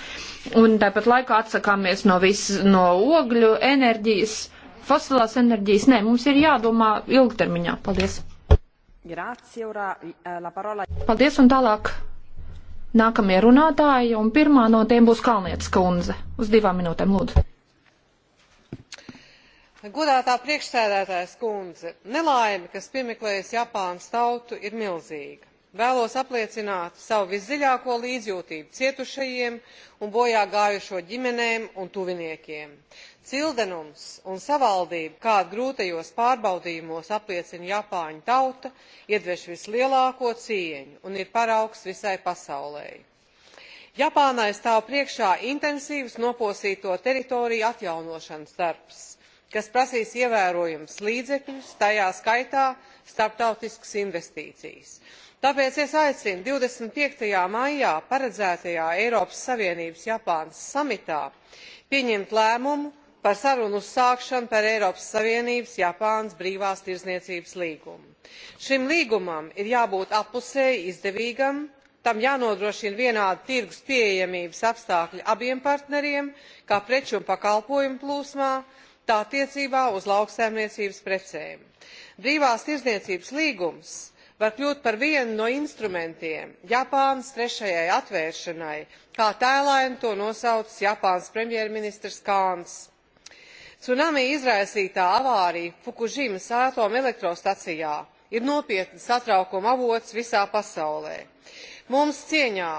Un tāpat laikā atsakāmies no, vis, no ogļu enerģijas fosilās enerģijas. Nē, mums ir jādomā ilgtermiņā. Paldies. Eh, Paldies un tālāk nākamie runātāji, un pirmā no tiem būs Kalnietes kundze. Uz divām minūtēm lūdzu. Godātā priekšsēdētājas kundze, nelaime, kas piemeklējas Japānas tautu, ir milzīga. Vēlos apliecināt savu visdziļāko līdzjūtību cietušajiem un bojā gājušo ģimenēm un tuviniekiem. Cildenums un savaldība, kādu grūtajos pārbaudījumos apliecina Japāņu tauta, iedveš vislielāko cieņu un ir paraugs visai pasaulēji. Japānai stāv priekšā intensīvs noposīto teritoriju atjaunošanas darbs, kas prasīs ievērojams līdzekļus, tajā skaitā starptautiskas investīcijas. Tāpēc es aicinu 25. maijā paredzētajā Eiropas Savienības Japānas samitā pieņemt lēmumu par sarunu uzsākšanu par eiropas savienības japānas brīvās tirdzniecības līgumu. šim līgumam ir jābūt abpusēji izdevīgam tam jānodrošina vienādi tirgus pieejamības apstākļi abiem partneriem kā preču un pakalpojumu plūsmā tā attiecībā uz lauksaimniecības precēm. brīvās tirdzniecības līgums var kļūt par vienu no instrumentiem japānas trešajai atvēršanai kā tēlaini to nosaucis japānas premjerministrs kāns Tsunami izraisītā avārija Fukužimas atomelektrostacijā ir nopietns satraukuma avots visā pasaulē. Mums cieņā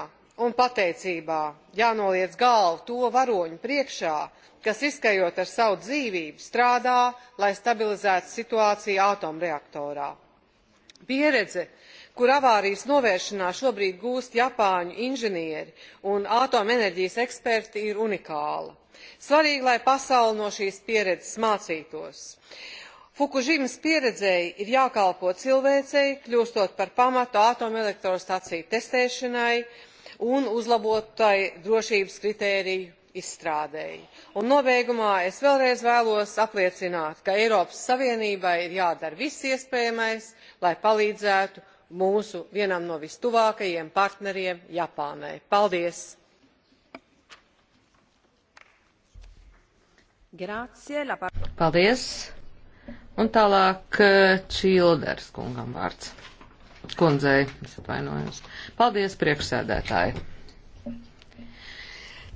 un pateicībā jānoliec galvu to varoņu priekšā, kas riskējot ar savu dzīvību strādā, lai stabilizētu situāciju atomreaktorā. Pieredze, kur avārijas novēršanā šobrīd gūst Japāņu inženieri un atomenerģijas eksperti, ir unikāla. Svarīgi, lai pasauli no šīs pieredzes mācītos. Fukužimas pieredzēji ir jākalpo cilvēcei, kļūstot par pamatu atomelektrostaciju testēšanai un uzlabotai drošības kritēriju izstrādēji. Un nobeigumā es vēlreiz vēlos apliecināt, ka Eiropas Savienībai ir jādara viss iespējamais, lai palīdzētu mūsu vienam no vistuvākajiem partneriem Japānai. Paldies! Paldies! Un tālāk eh, Čilders kungam vārds. Kundzei, es atvainojos. Paldies, priekšsēdētāji!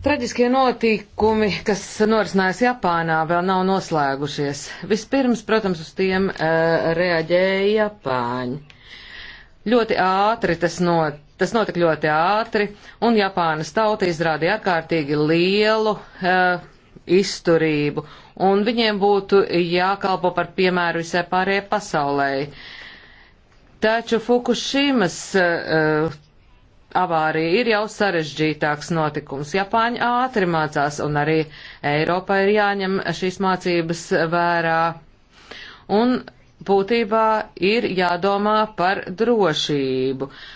Traģiskie notikumi, kas norisinājās Japānā, vēl nav noslēgušies. Vispirms, protams, uz tiem uh, reaģēja Japāņi. Ļoti ātri tas, not, tas notika ļoti ātri, un Japānas tauta izrādīja ārkārtīgi lielu uh, izturību, un viņiem būtu jākalpo par piemēru visai pārējai pasaulē. Taču Fukushimas uh, avārija ir jau sarežģītāks notikums. Japāņi ātri mācās, un arī Eiropā ir jāņem šīs mācības vērā. Un būtībā ir jādomā par drošību. Uh,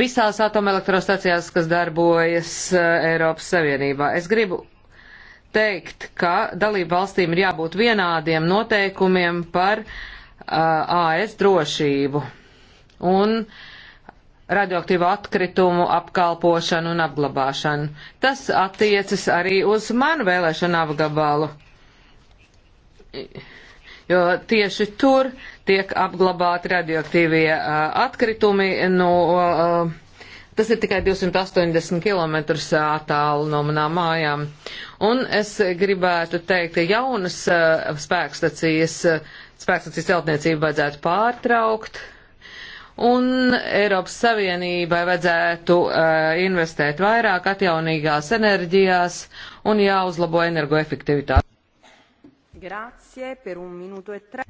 visās atomelektrostacijās, kas darbojas eh, Eiropas Savienībā. Es gribu teikt, ka dalību valstīm ir jābūt vienādiem noteikumiem par uh, eh, AS drošību un radioaktīvu atkritumu apkalpošanu un apglabāšanu. Tas attiecas arī uz manu vēlēšanu apgabalu jo tieši tur tiek apglabāti radioaktīvie atkritumi no. Nu, tas ir tikai 280 km attālu no manām mājām. Un es gribētu teikt, ka jaunas spēkstacijas, spēkstacijas celtniecību vajadzētu pārtraukt, un Eiropas Savienībai vajadzētu uh, investēt vairāk atjaunīgās enerģijās un jāuzlabo energoefektivitāte. E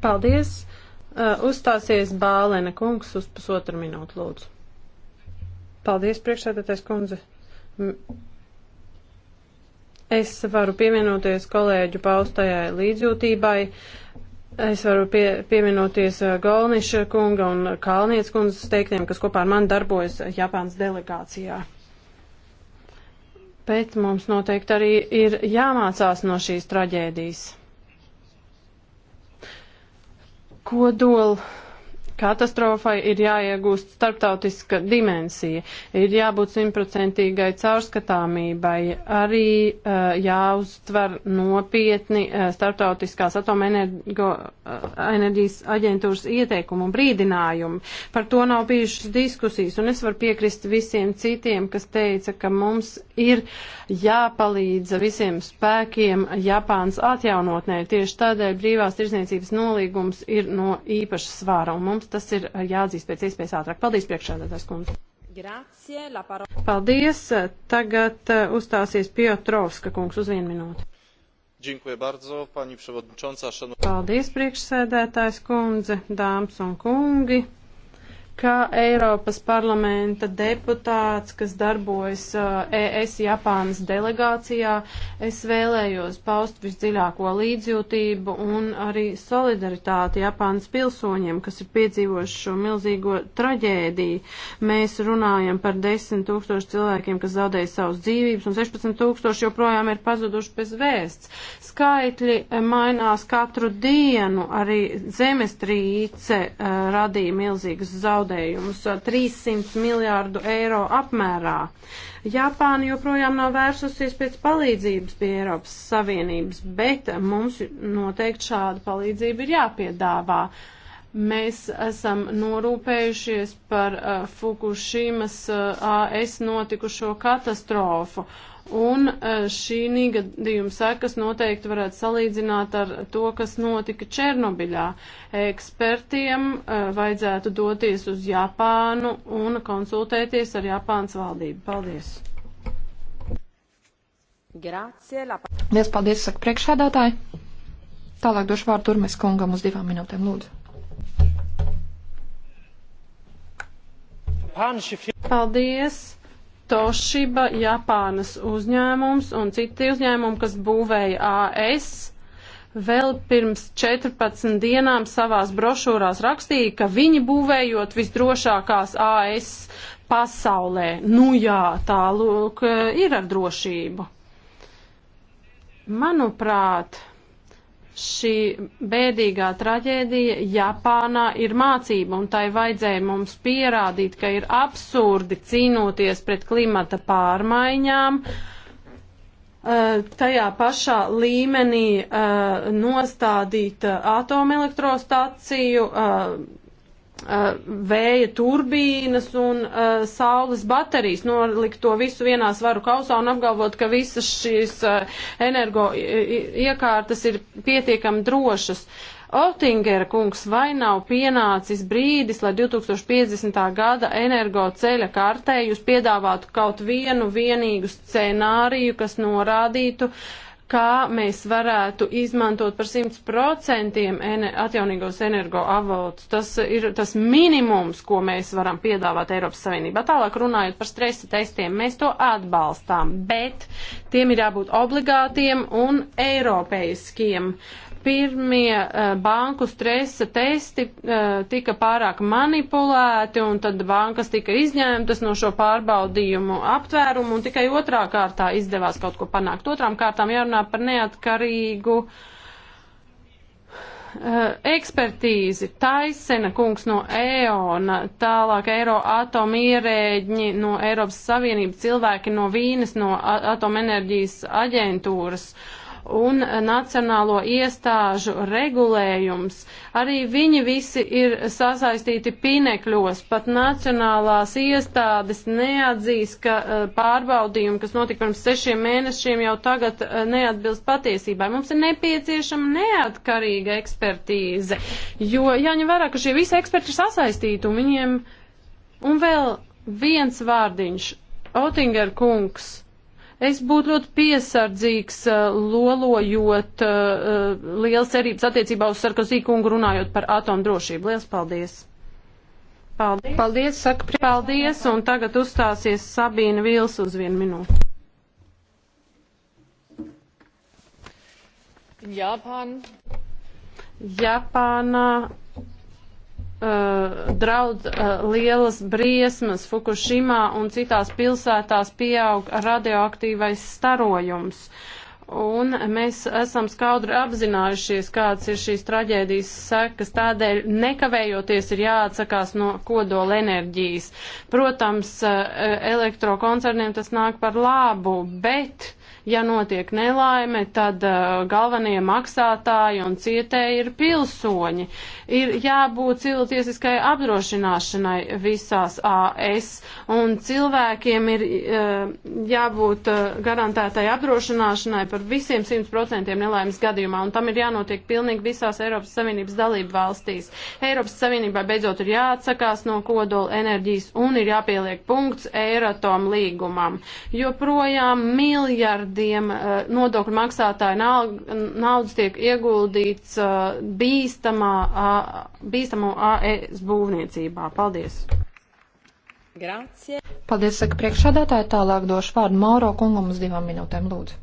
Paldies! Uh, uzstāsies Bālēna kungs uz pusotru minūtu, lūdzu. Paldies, priekšsēdētais kundze. Es varu pievienoties kolēģu paustajai līdzjūtībai. Es varu pie, pievienoties eh, Golniša kunga un Kalnietes kundzes teiktiem, kas kopā ar mani darbojas Japānas delegācijā. Bet mums noteikti arī ir jāmācās no šīs traģēdijas. kodola Katastrofai ir jāiegūst starptautiska dimensija, ir jābūt simtprocentīgai caurskatāmībai, arī uh, jāuztver nopietni uh, starptautiskās atomenerģijas eh, uh, aģentūras ieteikumu un brīdinājumu. Par to nav bijušas diskusijas, un es varu piekrist visiem citiem, kas teica, ka mums ir jāpalīdz visiem spēkiem Japāns atjaunotnē. Tieši tādēļ brīvās tirzniecības nolīgums ir no īpaša svāra un tas ir jāatzīst pēc iespējas ātrāk. Paldies, priekšsēdētājs kundze. Grazie, Paldies. Tagad eh, uzstāsies Piotrovska kungs uz vienu minūti. Bardzo, Paldies, priekšsēdētājs kundze, dāmas un kungi kā Eiropas parlamenta deputāts, kas darbojas uh, ES Japānas delegācijā, es vēlējos paust visdziļāko līdzjūtību un arī solidaritāti Japānas pilsoņiem, kas ir piedzīvojuši šo milzīgo traģēdiju. Mēs runājam par 10 tūkstošu cilvēkiem, kas zaudēja savus dzīvības, un 16 tūkstoši joprojām ir pazuduši bez vēsts. Skaitļi eh, mainās katru dienu, arī zemestrīce uh, radīja milzīgas zaudējumus zaudējumus 300 eh, miljārdu eiro apmērā. Japāna joprojām nav vērsusies pēc palīdzības pie Eiropas Savienības, bet mums noteikti šāda palīdzība ir jāpiedāvā. Mēs esam norūpējušies par uh, Fukushimas uh, eh, AS notikušo katastrofu Un e, šī negadījuma sekas noteikti varētu salīdzināt ar to, kas notika Černobiļā. Ekspertiem e, vajadzētu doties uz Japānu un konsultēties ar Japānas valdību. Paldies! Liels paldies, saka priekšādātāji. Tālāk došu vārdu Turmes kungam uz divām minūtēm, lūdzu. Paldies! Toshiba, Japānas uzņēmums un citi uzņēmumi, kas būvēja AS, vēl pirms 14 dienām savās brošūrās rakstīja, ka viņi būvējot visdrošākās AS pasaulē. Nu jā, tālūk ir ar drošību. Manuprāt, šī bēdīgā traģēdija Japānā ir mācība, un tai vajadzēja mums pierādīt, ka ir absurdi cīnoties pret klimata pārmaiņām, eh, tajā pašā līmenī eh, nostādīt eh, atomelektrostaciju Uh, vēja turbīnas un uh, saules baterijas, nolikt to visu vienā svaru kausā un apgalvot, ka visas šīs uh, energo iekārtas ir pietiekami drošas. Otingera kungs, vai nav pienācis brīdis, lai 2050. gada energo ceļa kartē jūs piedāvātu kaut vienu vienīgu scenāriju, kas norādītu, uh, kā mēs varētu izmantot par 100% ene, atjaunīgos energoavotus. Tas ir tas minimums, ko mēs varam piedāvāt Eiropas Savienībā. Tālāk runājot par stresa testiem, mēs to atbalstām, bet tiem ir jābūt obligātiem un eiropeiskiem. Uh, pirmie uh, banku stresa testi uh, tika pārāk manipulēti un tad bankas tika izņēmtas no šo pārbaudījumu aptvērumu un tikai otrā kārtā izdevās kaut ko panākt. Otrām kārtām jārunā par neatkarīgu uh, ekspertīzi. Taisena kungs no EONA, tālāk Eiro atomu ierēģi no Eiropas Savienības cilvēki no Vīnes, no atomenerģijas aģentūras. Uh, un nacionālo iestāžu regulējums. Arī viņi visi ir sasaistīti pinekļos, pat nacionālās iestādes neatzīs, ka e, pārbaudījumi, kas notika pirms sešiem mēnešiem, jau tagad e, neatbilst patiesībai. Mums ir nepieciešama neatkarīga ekspertīze, jo jāņem vērā, ka šie visi eksperti ir sasaistīti un viņiem. Un vēl viens vārdiņš. Otinger kungs, Es būtu ļoti piesardzīgs, uh, lolojot uh, uh, liels cerības attiecībā uz Sarkozī kungu runājot par atomdrošību. Liels paldies! Paldies! Paldies, saka, paldies, un tagad uzstāsies Sabīna Vils uz vienu minūti. Japāna. Japānā Uh, draudz uh, lielas briesmas Fukushimā un citās pilsētās pieaug radioaktīvais starojums. Un mēs esam skaudri apzinājušies, kādas ir šīs traģēdijas sekas. Tādēļ nekavējoties ir jāatsakās no kodola enerģijas. Protams, uh, eh, elektrokoncerniem tas nāk par labu, bet Ja notiek nelaime, tad uh, galvenie maksātāji un cietēji ir pilsoņi. Ir jābūt cilvēciskai apdrošināšanai visās AS, un cilvēkiem ir uh, jābūt uh, garantētai apdrošināšanai par visiem 100% nelaimes gadījumā, un tam ir jānotiek pilnīgi visās Eiropas Savienības dalību valstīs. Eiropas Savienībā beidzot ir jāatsakās no kodola enerģijas un ir jāpieliek punkts Eiratom līgumam. Joprojām miljardi miljardiem eh, nodokļu maksātāju naudas tiek ieguldīts eh, bīstamā, bīstamo AES būvniecībā. Paldies! Grācie. Paldies, saka priekšādātāji. Tālāk došu vārdu Mauro kungam uz divām minūtēm, lūdzu.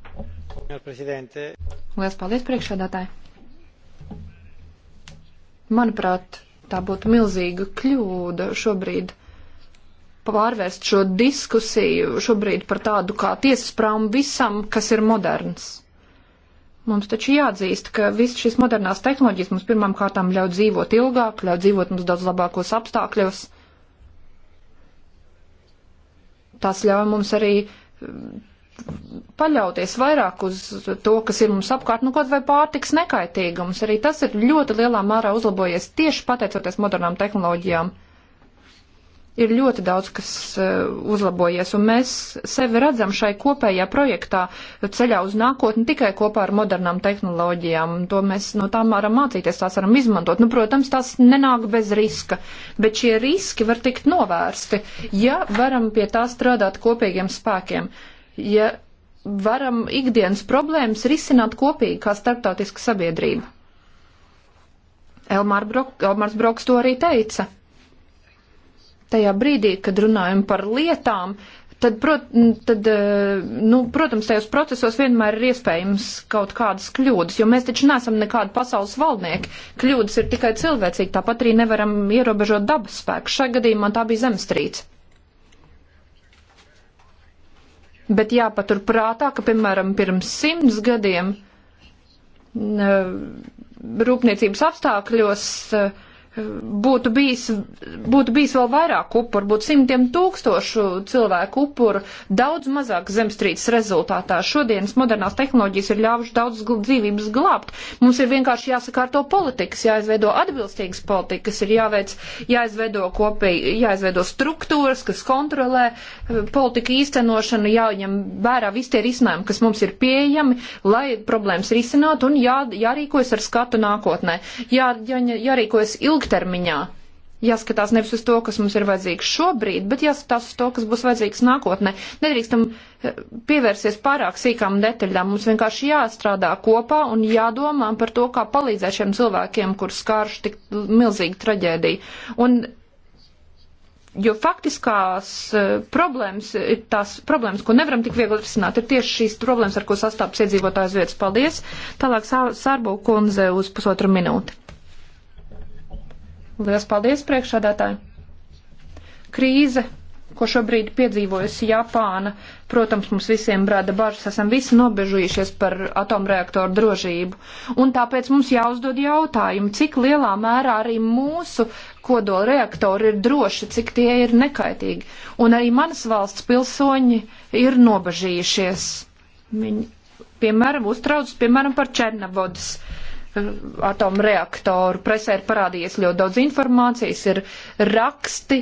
Lielas paldies, priekšādātāji. Manuprāt, tā būtu milzīga kļūda šobrīd pārvērst šo diskusiju šobrīd par tādu kā tiesas prāmu visam, kas ir moderns. Mums taču jāatzīst, ka viss šis modernās tehnoloģijas mums pirmām kārtām ļauj dzīvot ilgāk, ļauj dzīvot mums daudz labākos apstākļos. Tas ļauj mums arī mm, paļauties vairāk uz to, kas ir mums apkārt, nu kaut vai pārtiks nekaitīgums. Arī tas ir ļoti lielā mērā uzlabojies tieši pateicoties modernām tehnoloģijām. Uh, ir ļoti daudz, kas e, uzlabojies, un mēs sevi redzam šai kopējā projektā ceļā uz nākotni tikai kopā ar modernām tehnoloģijām. To mēs no tām varam mācīties, tās varam izmantot. Nu, protams, tās nenāk bez riska, bet šie riski var tikt novērsti, ja varam pie tā strādāt kopīgiem spēkiem. Ja varam ikdienas problēmas risināt kopīgi kā starptautiska sabiedrība. Elmār Brok, Elmārs Broks to arī teica tajā brīdī, kad runājam par lietām, tad, prot, tad eh, nu, protams, tajos procesos vienmēr ir iespējams kaut kādas kļūdas, jo mēs taču neesam nekādi pasaules valdnieki. Kļūdas ir tikai cilvēcīgi, tāpat arī nevaram ierobežot dabas spēku. Šajā gadījumā tā bija zemestrīce. Bet jāpatur prātā, ka, piemēram, pirms simts gadiem eh, rūpniecības apstākļos uh, būtu bijis, būtu bijis vēl vairāk upuru, būtu simtiem tūkstošu cilvēku upuru, daudz mazāk zemstrīces rezultātā. Šodienas modernās tehnoloģijas ir ļāvuši daudz dzīvības glābt. Mums ir vienkārši jāsakārto politikas, jāizveido atbilstīgas politikas, ir jāveic, jāizveido kopīgi, jāizveido struktūras, kas kontrolē eh, politiku īstenošanu, jāņem vērā visi tie risinājumi, kas mums ir pieejami, lai problēmas risinātu un jā, jārīkojas ar skatu nākotnē. Jā, jā, jārīkojas ilgi ilgtermiņā. Jāskatās nevis uz to, kas mums ir vajadzīgs šobrīd, bet jāskatās uz to, kas būs vajadzīgs nākotnē. Nedrīkstam eh, pievērsties pārāk sīkām detaļām. Mums vienkārši jāstrādā kopā un jādomā par to, kā palīdzēt šiem cilvēkiem, kur skārši tik milzīga traģēdija. Un Jo faktiskās eh, problēmas, tās problēmas, ko nevaram tik viegli risināt, ir tieši šīs problēmas, ar ko sastāpas iedzīvotājs vietas. Paldies! Tālāk Sārbu kundze uz pusotru minūti. Lielas paldies, priekšādātāji! Krīze, ko šobrīd piedzīvojusi Japāna, protams, mums visiem brada bažas, esam visi nobežojušies par atomreaktoru drošību. Un tāpēc mums jāuzdod jautājumu, cik lielā mērā arī mūsu kodola reaktori ir droši, cik tie ir nekaitīgi. Un arī manas valsts pilsoņi ir nobežījušies. Viņi, piemēram, uztrauc, piemēram, par Černabodas. Uh, atomreaktoru. Presē ir parādījies ļoti daudz informācijas, ir raksti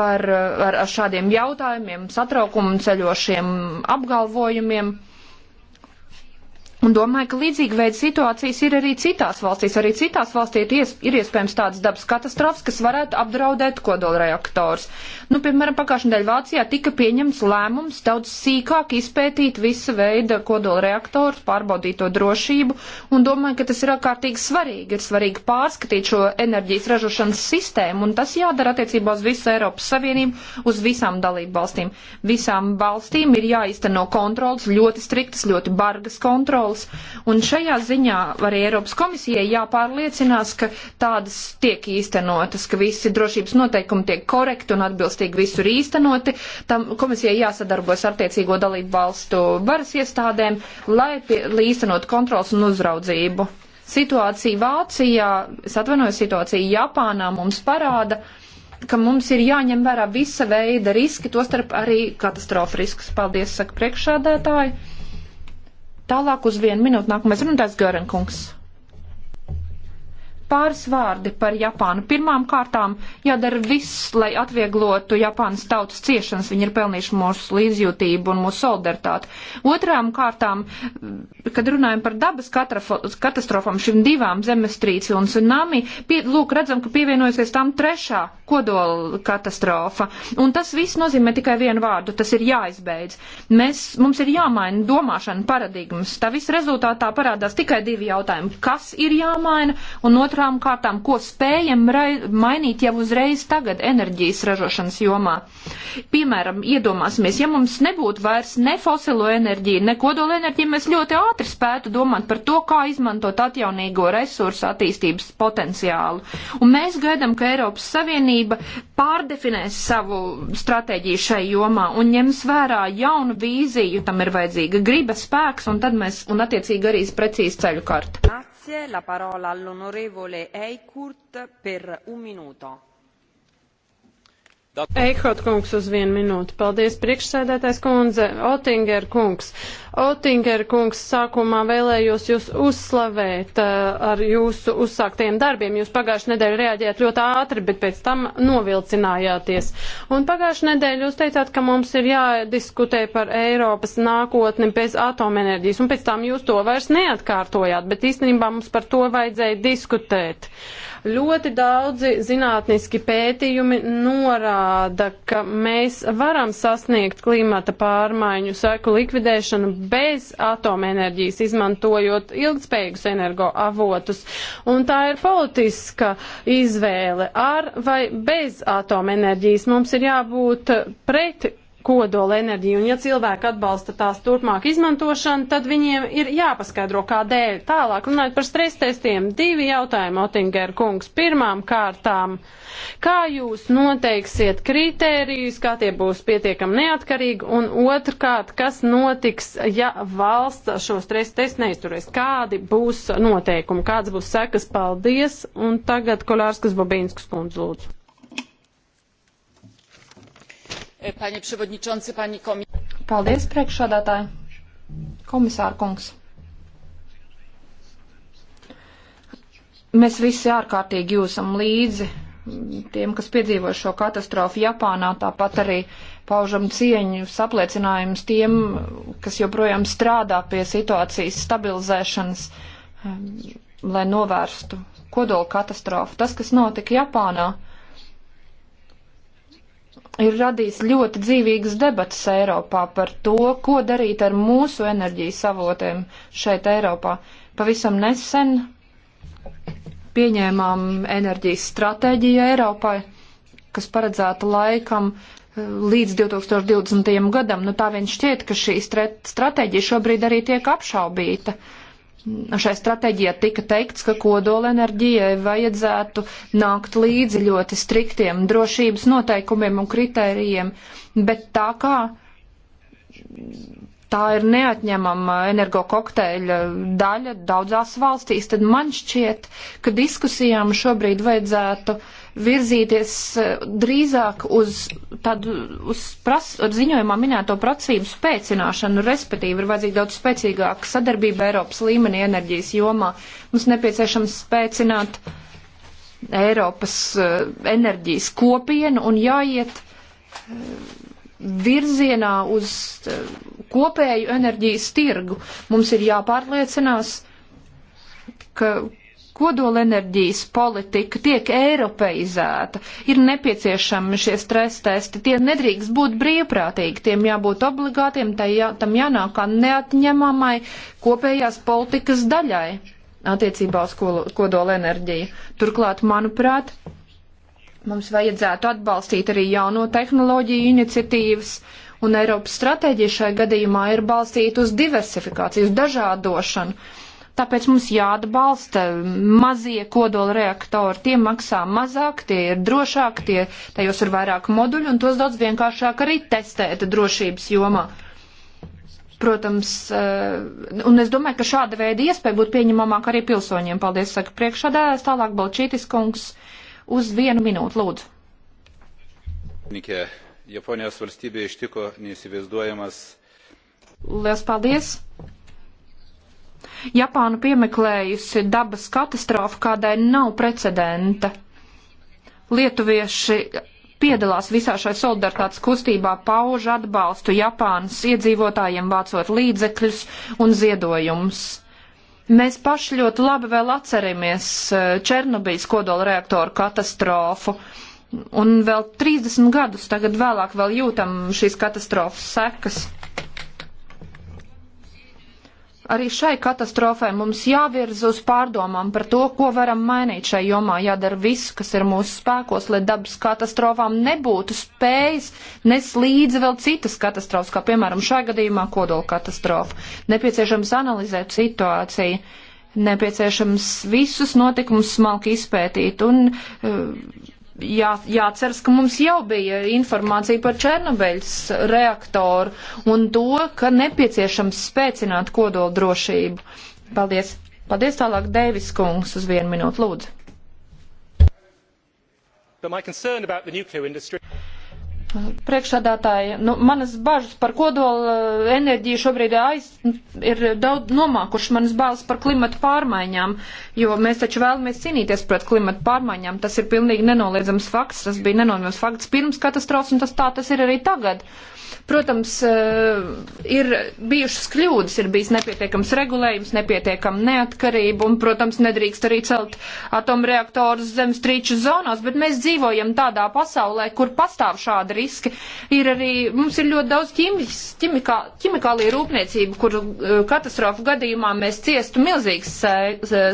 par ar, ar šādiem jautājumiem, satraukumu ceļošiem apgalvojumiem. Un domāju, ka līdzīga veida situācijas ir arī citās valstīs. Arī citās valstīs ir, ies, ir iespējams tādas dabas katastrofas, kas varētu apdraudēt kodolreaktors. Nu, piemēram, pagājušajā nedēļā Vācijā tika pieņemts lēmums daudz sīkāk izpētīt visa veida kodolreaktoru, pārbaudīt to drošību. Un domāju, ka tas ir ārkārtīgi svarīgi. Ir svarīgi pārskatīt šo enerģijas ražošanas sistēmu. Un tas jādara attiecībā uz visu Eiropas Savienību, uz visām dalību valstīm. Visām valstīm ir jāizteno kontrols, ļoti striktas, ļoti bargas kontrols pasaules. Un šajā ziņā arī Eiropas komisijai jāpārliecinās, ka tādas tiek īstenotas, ka visi drošības noteikumi tiek korekti un atbilstīgi visur īstenoti. Tam komisijai jāsadarbojas attiecīgo dalību valstu varas iestādēm, lai, pie, lai īstenot kontrols un uzraudzību. Situācija Vācijā, es atvainojos, situācija Japānā mums parāda, ka mums ir jāņem vērā visa veida riski, tostarp arī katastrofa risks. Paldies, saka priekšādātāji. Tālāk uz vienu minūtu nākamais runātājs Görenkungs. Pāris vārdi par Japānu. Pirmām kārtām jādara viss, lai atvieglotu Japānas tautas ciešanas. Viņi ir pelnījuši mūsu līdzjūtību un mūsu solidaritāti. Otrām kārtām, kad runājam par dabas katastrofām, šīm divām zemestrīci un tsunami, pie, lūk, redzam, ka pievienojusies tam trešā kodola katastrofa. Un tas viss nozīmē tikai vienu vārdu. Tas ir jāizbeidz. Mēs, mums ir jāmaina domāšana paradigmas. Tā viss rezultātā parādās tikai divi jautājumi. Kas ir jāmaina? Un otrā otrām kārtām, ko spējam mainīt jau uzreiz tagad enerģijas ražošanas jomā. Piemēram, iedomāsimies, ja mums nebūtu vairs ne fosilo enerģija, ne kodola enerģija, mēs ļoti ātri spētu domāt par to, kā izmantot atjaunīgo resursu attīstības potenciālu. Un mēs gaidām, ka Eiropas Savienība pārdefinēs savu stratēģiju šai jomā un ņems vērā jaunu vīziju, tam ir vajadzīga griba spēks, un tad mēs, un attiecīgi arī precīzi ceļu kartu. Grazie. La parola all'onorevole Eichhurt per un minuto. Eikhot kungs uz vienu minūti. Paldies, priekšsēdētājs kundze. Otinger kungs. Otinger kungs, sākumā vēlējos jūs uzslavēt uh, ar jūsu uzsāktiem darbiem. Jūs pagājušajā nedēļā reaģējāt ļoti ātri, bet pēc tam novilcinājāties. Un pagājušajā nedēļā jūs teicāt, ka mums ir jādiskutē par Eiropas nākotni bez atomenerģijas, un pēc tam jūs to vairs neatkārtojāt, bet īstenībā mums par to vajadzēja diskutēt. Uh, Ļoti daudzi zinātniski pētījumi norāda, ka mēs varam sasniegt klimata pārmaiņu seku likvidēšanu bez atomenerģijas, izmantojot ilgspējīgus energoavotus. Un tā ir politiska izvēle ar vai bez atomenerģijas. Mums ir jābūt pret kodolenerģiju. Un ja cilvēki atbalsta tās turpmāk izmantošanu, tad viņiem ir jāpaskaidro, kādēļ. Tālāk runājot par stres testiem, divi jautājumi, Otinger kungs. Pirmām kārtām, kā jūs noteiksiet kritērijus, kā tie būs pietiekami neatkarīgi, un otrkārt, kas notiks, ja valsts šo stres testu neizturēs? Kādi būs noteikumi, kāds būs sekas? Paldies! Un tagad Kolārskas Bobīnskas kundze lūdzu. E, paņi Prevodničonci, paņi komisāri. Paldies, priekšādātāji. Komisārkungs. Mēs visi ārkārtīgi jūsam līdzi tiem, kas piedzīvoja šo katastrofu Japānā, tāpat arī paužam cieņu, sapliecinājums tiem, kas joprojām strādā pie situācijas stabilizēšanas, um, lai novērstu kodola katastrofu. Tas, kas notika Japānā, ir radījis ļoti dzīvīgas debatas Eiropā par to, ko darīt ar mūsu enerģijas avotiem šeit Eiropā. Pavisam nesen pieņēmām enerģijas stratēģiju Eiropai, kas paredzēta laikam eh, līdz 2020. gadam. Nu, tā vien šķiet, ka šī stratēģija šobrīd arī tiek apšaubīta. Uh, Šai stratēģijā tika teikts, ka kodolenerģijai vajadzētu nākt līdzi ļoti striktiem drošības noteikumiem un kritērijiem, bet tā kā tā ir neatņemama energo kokteļa daļa daudzās valstīs, tad man šķiet, ka diskusijām šobrīd vajadzētu virzīties eh, drīzāk uz tādu uz pras, uz ziņojumā minēto prasību spēcināšanu, respektīvi ir vajadzīga daudz spēcīgāka sadarbība Eiropas līmenī enerģijas jomā. Mums nepieciešams spēcināt Eiropas eh, enerģijas kopienu un jāiet eh, virzienā uz eh, kopēju enerģijas tirgu. Mums ir jāpārliecinās, ka kodolenerģijas politika tiek eiropeizēta. Ir nepieciešami šie stresa testi. Tie nedrīkst būt brīvprātīgi, tiem jābūt obligātiem, jā, tam jānāk kā neatņemamai kopējās politikas daļai attiecībā uz kodolenerģiju. Turklāt, manuprāt, Mums vajadzētu atbalstīt arī jauno tehnoloģiju iniciatīvas, un Eiropas stratēģija šai gadījumā ir balstīta uz diversifikāciju, uz dažādošanu. Tāpēc mums jāatbalsta mazie kodola reaktori. Tie maksā mazāk, tie ir drošāk, tie, tajos ir vairāk moduļu un tos daudz vienkāršāk arī testēt drošības jomā. Protams, eh, un es domāju, ka šāda veida iespēja būtu pieņemamāk arī pilsoņiem. Paldies, saka priekšādājās, tālāk Balčītis kungs uz vienu minūtu, lūdzu. Japonijos valstybė ištiko neįsivaizduojamas. Lielas paldies! Japānu piemeklējusi dabas katastrofa, kādai nav precedenta. Lietuvieši piedalās visā šai solidaritātes kustībā, pauž atbalstu Japānas iedzīvotājiem, vācot līdzekļus un ziedojumus. Mēs paši ļoti labi vēl atceramies eh, Černobijas kodola reaktoru katastrofu. Un vēl 30 gadus tagad vēlāk vēl jūtam šīs katastrofas sekas. Arī šai katastrofai mums jāvirza uz pārdomām par to, ko varam mainīt šai jomā. Jādara viss, kas ir mūsu spēkos, lai dabas katastrofām nebūtu spējas nes līdzi vēl citas katastrofas, kā piemēram šajā gadījumā kodola katastrofa. Nepieciešams analizēt situāciju nepieciešams visus notikumus smalki izpētīt un uh, jā, jāceras, ka mums jau bija informācija par Černobeļas reaktoru un to, ka nepieciešams spēcināt kodola drošību. Paldies. Paldies tālāk, Dēvis Kungs, uz vienu minūtu lūdzu. Priekšādātāji, nu, manas bažas par kodola enerģiju šobrīd aiz, ir daudz nomākuši manas bažas par klimatu pārmaiņām, jo mēs taču vēlamies cīnīties pret klimatu pārmaiņām. Tas ir pilnīgi nenoliedzams fakts, tas bija nenoliedzams fakts pirms katastrofas un tas tā tas ir arī tagad. Protams, eh, ir bijušas kļūdas, ir bijis nepietiekams regulējums, nepietiekama neatkarība un, protams, nedrīkst arī celt atomreaktorus zemestrīču zonās, bet mēs dzīvojam tādā pasaulē, kur pastāv šāda riski. Ir arī, mums ir ļoti daudz ķimis, ķimikā, ķimikālī rūpniecību, kur eh, katastrofu gadījumā mēs ciestu milzīgas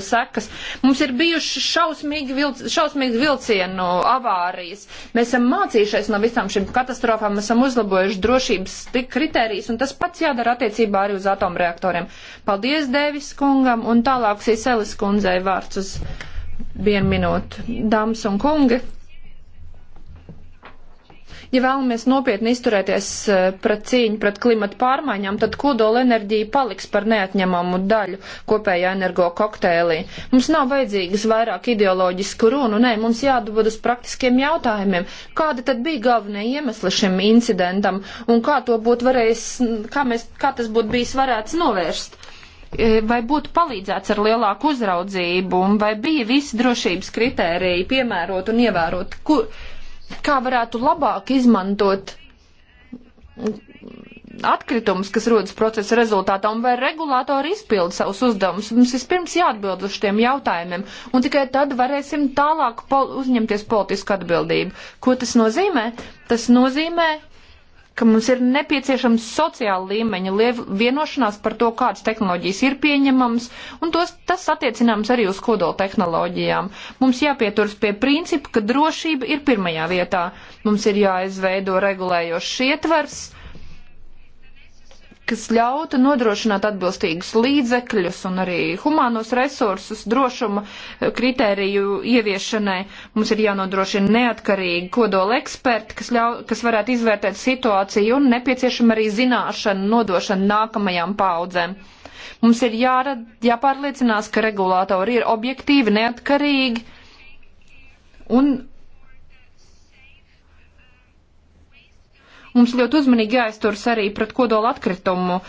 sekas. Mums ir bijuši šausmīgi, vilc, šausmīgi vilcienu avārijas. Mēs esam mācījušies no visām šīm katastrofām, esam uzlabojuši drošības kritērijas, un tas pats jādara attiecībā arī uz atomreaktoriem. Paldies Dēvis kungam, un tālāk Siselis kundzei vārds uz vienu minūtu. Dāmas un kungi! Ja vēlamies nopietni izturēties eh, pret cīņu pret klimatu pārmaiņām, tad kodola enerģija paliks par neatņemamu daļu kopējā energo kokteilī. Mums nav vajadzīgas vairāk ideoloģisku runu, nē, mums jādod uz praktiskiem jautājumiem. Kādi tad bija galvenie iemesli šim incidentam un kā to būtu varējis, kā, mēs, kā tas būtu bijis varēts novērst? E, vai būtu palīdzēts ar lielāku uzraudzību, un vai bija visi drošības kritēriji piemērot un ievērot, kur, kā varētu labāk izmantot atkritumus, kas rodas procesa rezultātā, un vai regulātori izpild savus uzdevumus. Mums vispirms jāatbild uz šiem jautājumiem, un tikai tad varēsim tālāk pol uzņemties politisku atbildību. Ko tas nozīmē? Tas nozīmē, ka mums ir nepieciešams sociāla līmeņa vienošanās par to, kādas tehnoloģijas ir pieņemams, un tos, tas attiecināms arī uz kodola tehnoloģijām. Mums jāpieturas pie principa, ka drošība ir pirmajā vietā. Mums ir jāizveido regulējošs ietvers kas ļautu nodrošināt atbilstīgus līdzekļus un arī humānos resursus drošuma eh, kritēriju ieviešanai. Mums ir jānodrošina neatkarīgi kodola eksperti, kas, ļau, kas varētu izvērtēt situāciju un nepieciešama arī zināšana nodošana nākamajām paudzēm. Mums ir jārad, jāpārliecinās, ka regulātori ir objektīvi, neatkarīgi un Mums ļoti uzmanīgi jāizturas arī pret kodola atkritumu uh,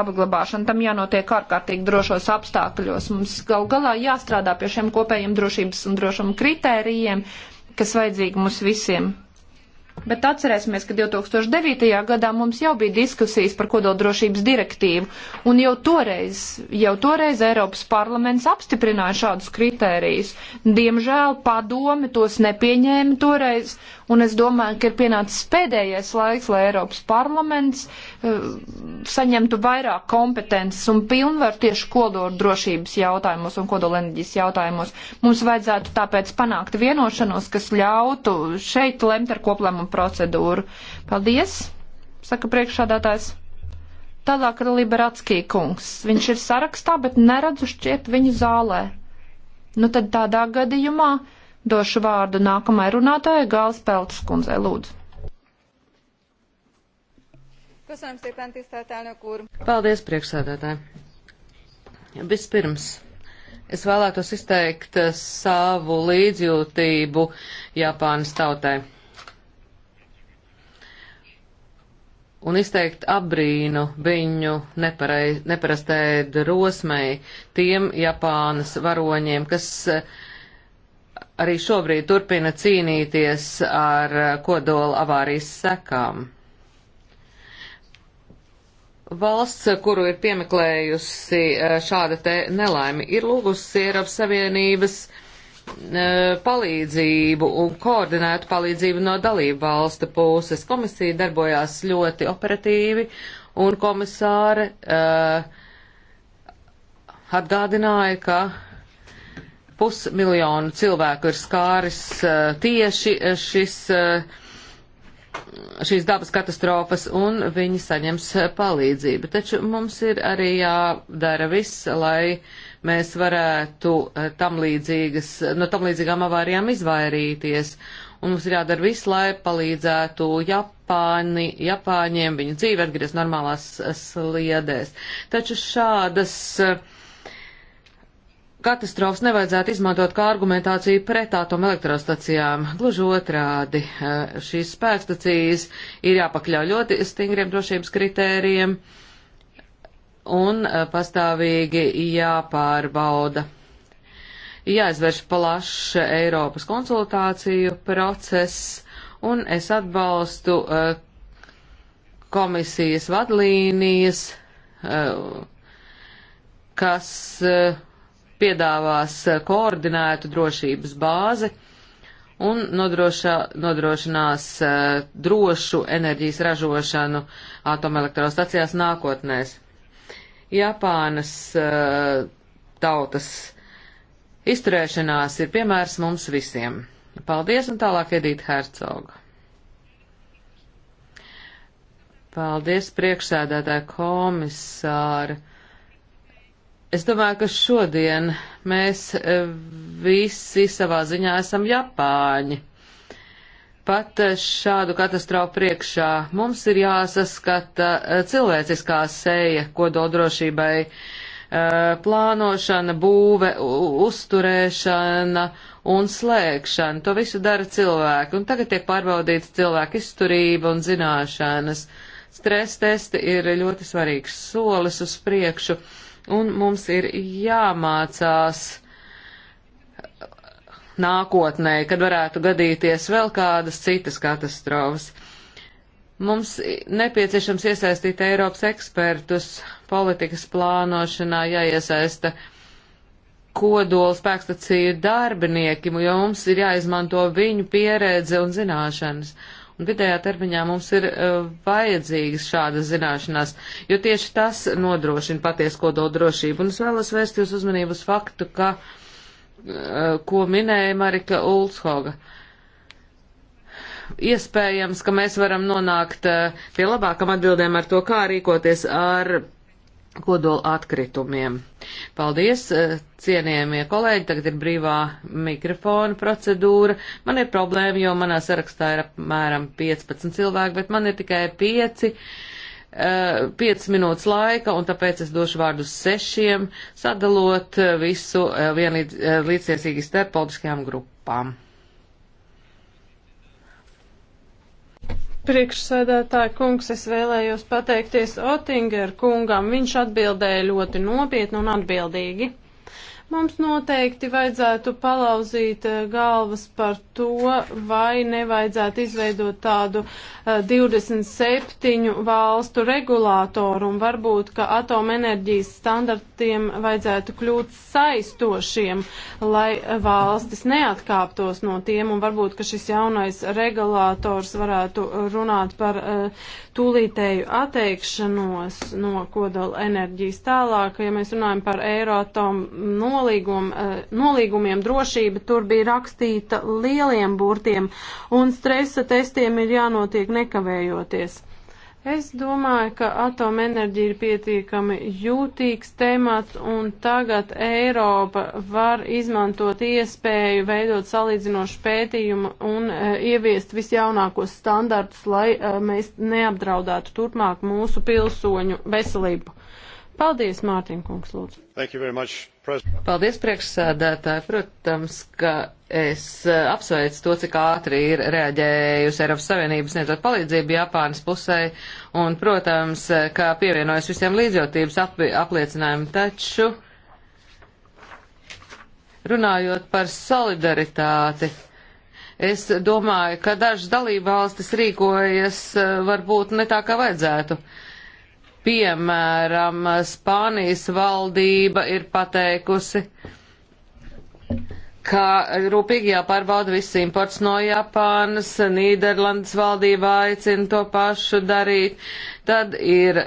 apglabāšanu. Tam jānotiek ārkārtīgi drošos apstākļos. Mums gal galā jāstrādā pie šiem kopējiem drošības un drošuma kritērijiem, kas vajadzīgi mums visiem bet atcerēsimies, ka 2009. gadā mums jau bija diskusijas par kodoldrošības direktīvu, un jau toreiz, jau toreiz Eiropas parlaments apstiprināja šādus kritērijus. Diemžēl padomi tos nepieņēma toreiz, un es domāju, ka ir pienācis pēdējais laiks, lai Eiropas parlaments Eh, saņemtu vairāk kompetences un pilnvaru tieši kodola drošības jautājumos un kodola enerģijas jautājumos. Mums vajadzētu tāpēc panākt vienošanos, kas ļautu šeit lemt ar koplēmumu procedūru. Paldies, saka priekšādātājs. Tālāk ir Liberatskī kungs. Viņš ir sarakstā, bet neredzu šķiet viņu zālē. Nu tad tādā gadījumā došu vārdu nākamai runātājai Gāles Peltas kundzei, lūdzu. Köszönöm szépen, tisztelt elnök úr! Paldies, priekšsēdētāji! Vispirms. Es vēlētos izteikt savu līdzjūtību Japānas tautai. Un izteikt apbrīnu viņu neparai, neparastai drosmei tiem Japānas varoņiem, kas arī šobrīd turpina cīnīties ar kodola avārijas sekām. Valsts, kuru ir piemeklējusi eh, šāda te nelaime, ir lūgusi Eiropas Savienības eh, palīdzību un koordinētu palīdzību no dalību valsta puses. Komisija darbojās ļoti operatīvi un komisāre uh, atgādināja, ka pusmiljonu cilvēku ir skāris uh, tieši šis uh, šīs dabas katastrofas un viņi saņems palīdzību. Taču mums ir arī jādara viss, lai mēs varētu tam līdzīgas, no tam līdzīgām avārijām izvairīties. Un mums ir jādara viss, lai palīdzētu Japāni, Japāņiem viņu dzīvi atgriezt normālās sliedēs. Taču šādas uh, katastrofas nevajadzētu izmantot kā argumentāciju pret atomelektrostacijām. Gluži otrādi, eh, šīs spēkstacijas ir jāpakļauj ļoti stingriem drošības kritērijiem un eh, pastāvīgi jāpārbauda. Jāizvērš plašs Eiropas konsultāciju process, un es atbalstu eh, komisijas vadlīnijas, kas uh, piedāvās eh, koordinētu drošības bāzi un nodrošā, nodrošinās eh, drošu enerģijas ražošanu atomelektrostacijās nākotnēs. Japānas eh, tautas izturēšanās ir piemērs mums visiem. Paldies un tālāk Edīta Hercoga. Paldies priekšsēdētāja komisāra. Es domāju, ka šodien mēs e, visi savā ziņā esam Japāņi. Pat e, šādu katastrofu priekšā mums ir jāsaskata e, cilvēciskā seja kododrošībai plānošana, būve, uzturēšana un slēgšana. To visu dara cilvēki, un tagad tiek pārbaudīta cilvēka izturība un zināšanas. Stress testi ir ļoti svarīgs solis uz priekšu, un mums ir jāmācās nākotnē, kad varētu gadīties vēl kādas citas katastrofas. Mums nepieciešams iesaistīt Eiropas ekspertus politikas plānošanā, jāiesaista kodola spēkstaciju darbinieki, jo mums ir jāizmanto viņu pieredze un zināšanas. Uh, Un vidējā termiņā mums ir uh, vajadzīgas šādas zināšanās, jo tieši tas nodrošina paties kodoldrošību. Un es vēlos vērst jūs uzmanību uz faktu, ka, uh, ko minēja Marika Ulshoga. Iespējams, ka mēs varam nonākt uh, pie labākam atbildēm ar to, kā rīkoties ar kodola atkritumiem. Paldies, eh, cienījamie kolēģi, tagad ir brīvā mikrofona procedūra. Man ir problēma, jo manā sarakstā ir apmēram 15 cilvēki, bet man ir tikai 5, 5 eh, minūtes laika, un tāpēc es došu vārdu sešiem, sadalot eh, visu vienlīdz, līdziesīgi starp politiskajām grupām. Priekšsēdētāja kungs, es vēlējos pateikties Otinger kungam. Viņš atbildēja ļoti nopietni un atbildīgi. Mums noteikti vajadzētu palauzīt eh, galvas par to, vai nevajadzētu izveidot tādu 27 eh, valstu regulātoru un varbūt, ka atomenerģijas standartiem vajadzētu kļūt saistošiem, lai eh, valstis neatkāptos no tiem un varbūt, ka šis jaunais regulātors varētu runāt par uh, tūlītēju atteikšanos no kodola enerģijas tālāk, ja mēs runājam par Eirotom nolīgum, eh, nolīgumiem drošība, tur bija rakstīta lieliem burtiem, un stresa testiem ir jānotiek nekavējoties. Es domāju, ka atomenerģija ir pietiekami jūtīgs temats, un tagad Eiropa var izmantot iespēju veidot salīdzinošu pētījumu un e, ieviest visjaunākos standartus, lai e, mēs neapdraudētu turpmāk mūsu pilsoņu veselību. Paldies, Mārtiņ, kungs, lūdzu. Much, president. Paldies, priekšsēdētāji. Protams, ka es eh, apsveicu to, cik ātri ir reaģējusi Eiropas Savienības sniedzot palīdzību Japānas pusē, un, protams, ka pievienojas visiem līdzjūtības ap apliecinājumiem, taču runājot par solidaritāti. Es domāju, ka dažas dalībvalstis rīkojas eh, varbūt ne tā, kā vajadzētu. Uh, Piemēram, Spānijas valdība ir pateikusi, ka rūpīgi jāpārbauda viss imports no Japānas, Nīderlandes valdība aicina to pašu darīt, tad ir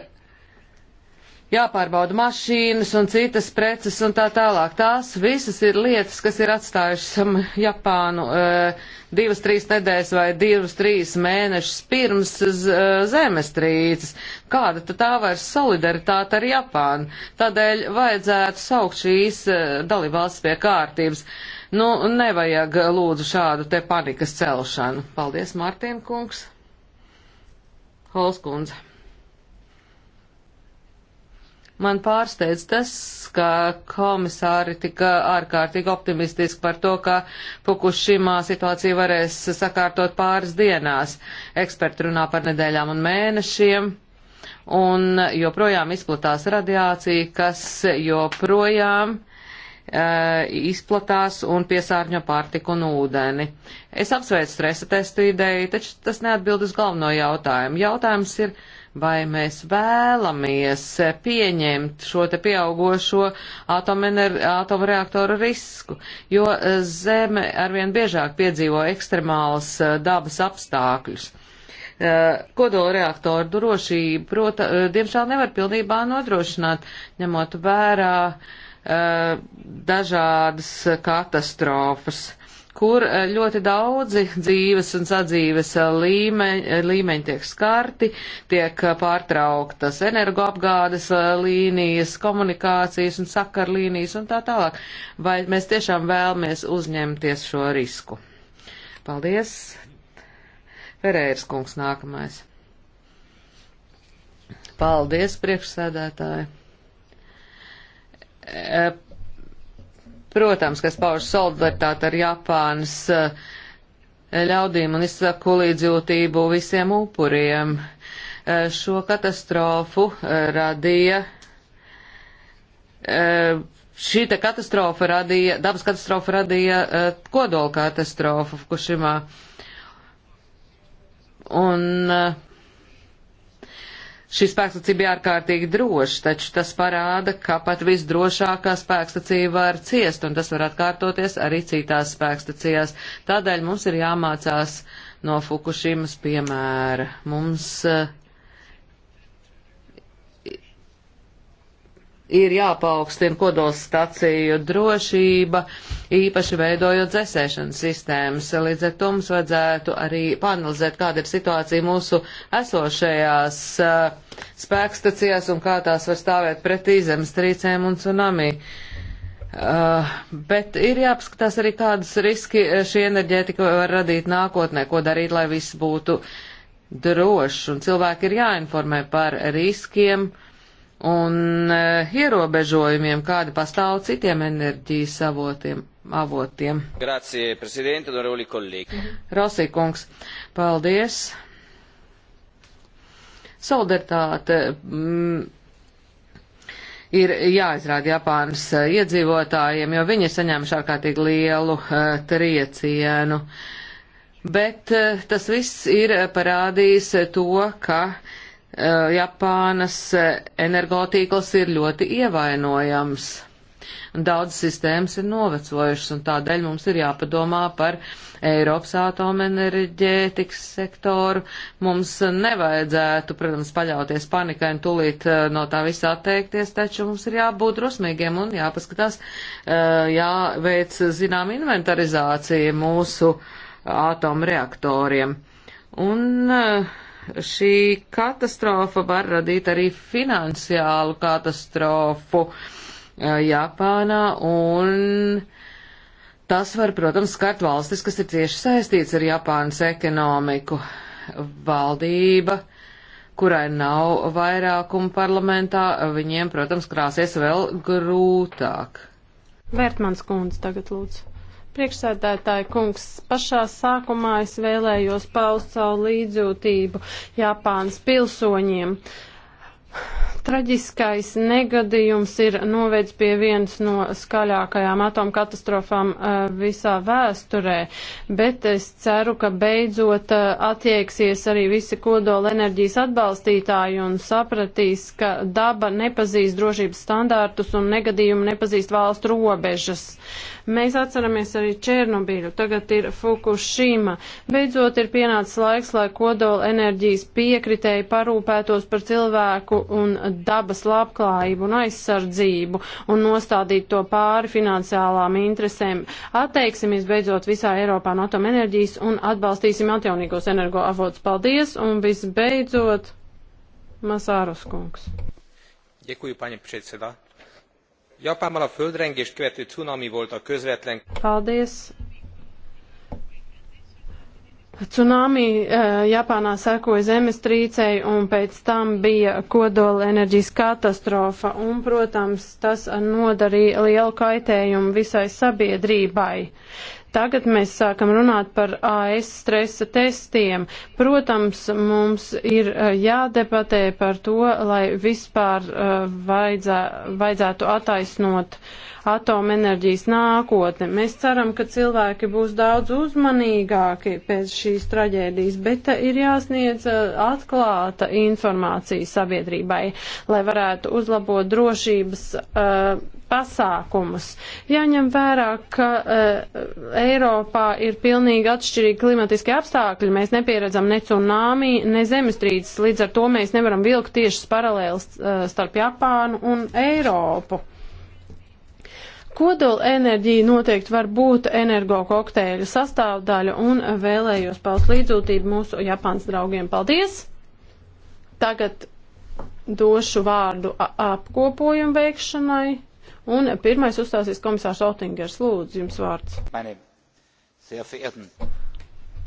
jāpārbauda mašīnas un citas preces un tā tālāk. Tās visas ir lietas, kas ir atstājušas Japānu. Uh, divas, trīs nedēļas vai divas, trīs mēnešus pirms eh, zemestrīces. Kāda tad tā vairs solidaritāte ar Japānu? Tādēļ vajadzētu saukt šīs eh, dalībvalsts pie kārtības. Nu, nevajag eh, lūdzu šādu te panikas celšanu. Paldies, Mārtiņ kungs. Holskundze. Man pārsteidz tas, ka komisāri tika ārkārtīgi optimistiski par to, ka Fukushimā situācija varēs sakārtot pāris dienās. Eksperti runā par nedēļām un mēnešiem. Un joprojām izplatās radiācija, kas joprojām izplatās un piesārņo pārtiku un ūdeni. Es apsveicu stresa testu ideju, taču tas neatbild uz galveno jautājumu. Jautājums ir, uh, vai mēs vēlamies pieņemt šo te pieaugošo atomreaktoru risku, jo Zeme arvien biežāk piedzīvo ekstremālas eh, dabas apstākļus. Eh, Kodola reaktoru drošību, prota, eh, diemžēl nevar pilnībā nodrošināt, ņemot vērā dažādas katastrofas kur eh, ļoti daudzi dzīves un sadzīves eh, līmeņi, eh, līmeņi tiek skarti, tiek pārtrauktas energoapgādes līnijas, komunikācijas un sakarlīnijas un tā tālāk. Vai mēs tiešām vēlamies uzņemties šo risku? Paldies! Ferēras kungs nākamais. Paldies, priekšsēdētāji! protams, kas pauž solidaritāti ar Japānas eh, ļaudīm un izsaku līdzjūtību visiem upuriem. Eh, šo katastrofu eh, radīja šī te katastrofa radīja, dabas katastrofa radīja uh, kodola katastrofu Fukushimā. Un uh, Šī spēkstacija bija ārkārtīgi droša, taču tas parāda, ka pat visdrošākā spēkstacija var ciest, un tas var atkārtoties arī citās spēkstacijās. Tādēļ mums ir jāmācās no Fukushimas piemēra. Mums uh, ir jāpaukstina kodols staciju drošība, īpaši veidojot dzēsēšanas sistēmas. Līdz ar to mums vajadzētu arī panalizēt, kāda ir situācija mūsu esošajās uh, spēkstacijās un kā tās var stāvēt pretī zemestrīcēm un tsunami. Uh, eh, bet ir jāpaskatās arī, kādas riski eh, šī enerģētika var radīt nākotnē, ko darīt, lai viss būtu drošs, un cilvēki ir jāinformē par riskiem, uh, un uh, ierobežojumiem, kādi pastāv citiem enerģijas avotiem. avotiem. Grazie, prezidente, onorevoli kolēģi. Rosīkungs, paldies. Solidaritāte mm, ir jāizrāda Japānas e, iedzīvotājiem, jo viņi ir saņēmuši ārkārtīgi lielu uh, triecienu. Bet uh, tas viss ir parādījis to, ka uh, Eh, Japānas eh, energotīkls ir ļoti ievainojams. Daudz sistēmas ir novecojušas, un tādēļ mums ir jāpadomā par Eiropas atomenerģētikas sektoru. Mums nevajadzētu, protams, paļauties panikai un tulīt eh, no tā visa atteikties, taču mums ir jābūt drusmīgiem un jāpaskatās, jāveic zinām inventarizācija mūsu atomreaktoriem. Un uh, šī katastrofa var radīt arī finansiālu katastrofu uh, Japānā un tas var, protams, skart valstis, kas ir cieši saistīts ar Japānas ekonomiku. Valdība, kurai nav vairākumu parlamentā, viņiem, protams, krāsies vēl grūtāk. Vērtmans kundze tagad lūdzu. Priekšsēdētāji kungs, pašā sākumā es vēlējos paust savu līdzjūtību Japānas pilsoņiem. Traģiskais negadījums ir novedis pie vienas no skaļākajām atomkatastrofām uh, visā vēsturē, bet es ceru, ka beidzot uh, attieksies arī visi kodola enerģijas atbalstītāji un sapratīs, ka daba nepazīst drošības standārtus un negadījumi nepazīst valstu robežas. Uh, Mēs atceramies arī Černobiļu, tagad ir Fukushima. Beidzot ir pienācis laiks, lai kodola enerģijas piekritēji parūpētos par cilvēku un dabas labklājību un aizsardzību un nostādītu to pāri finansiālām interesēm. Atteiksimies beidzot visā Eiropā no atomenerģijas un atbalstīsim atjaunīgos energoavotus. Paldies! Un visbeidzot, Masārus kungs. Ďakujem, pani predseda Japánban a földrengést követő cunami volt a közvetlen... Paldies! Cunami eh, Japānā sekoja zemestrīcei un pēc tam bija kodola enerģijas katastrofa un, protams, tas nodarīja lielu kaitējumu visai sabiedrībai. Tagad mēs sākam runāt par AS stresa testiem. Protams, mums ir eh, jādebatē par to, lai vispār eh, vajadzē, vajadzētu attaisnot atomenerģijas nākotni. Mēs ceram, ka cilvēki būs daudz uzmanīgāki pēc šīs traģēdijas, bet eh, ir jāsniedz atklāta informācija sabiedrībai, lai varētu uzlabot drošības. Uh, pasākumus. Jāņem vērā, ka uh, Eiropā ir pilnīgi atšķirīgi klimatiskie apstākļi. Mēs nepieredzam ne cunāmi, ne zemestrīces, līdz ar to mēs nevaram vilkt tiešas paralēles uh, starp Japānu un Eiropu. Kodola enerģija noteikti var būt energo kokteļa sastāvdaļa un vēlējos paust līdzjūtību mūsu Japānas draugiem. Paldies! Tagad došu vārdu apkopojumu veikšanai. Un pirmais uzstāsies komisārs Otingers. Lūdzu, jums vārds. Mani,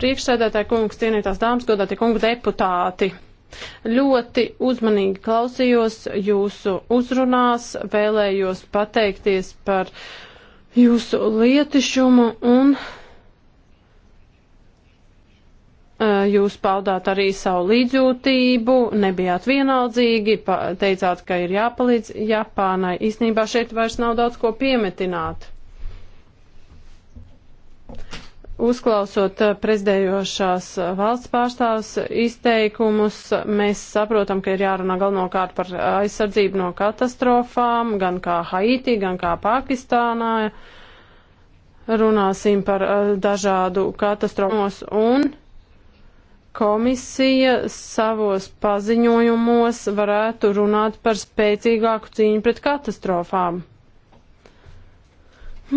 Priekšsēdētāji kungs, cienītās dāmas, godātie kungu deputāti. Ļoti uzmanīgi klausījos jūsu uzrunās, vēlējos pateikties par jūsu lietišumu un jūs paudāt arī savu līdzjūtību, nebijāt vienaldzīgi, teicāt, ka ir jāpalīdz Japānai. Īsnībā šeit vairs nav daudz ko piemetināt. Uzklausot prezidējošās valsts pārstāvs izteikumus, mēs saprotam, ka ir jārunā galvenokārt par aizsardzību no katastrofām, gan kā Haiti, gan kā Pakistānā. Runāsim par dažādu katastrofos un komisija savos paziņojumos varētu runāt par spēcīgāku cīņu pret katastrofām.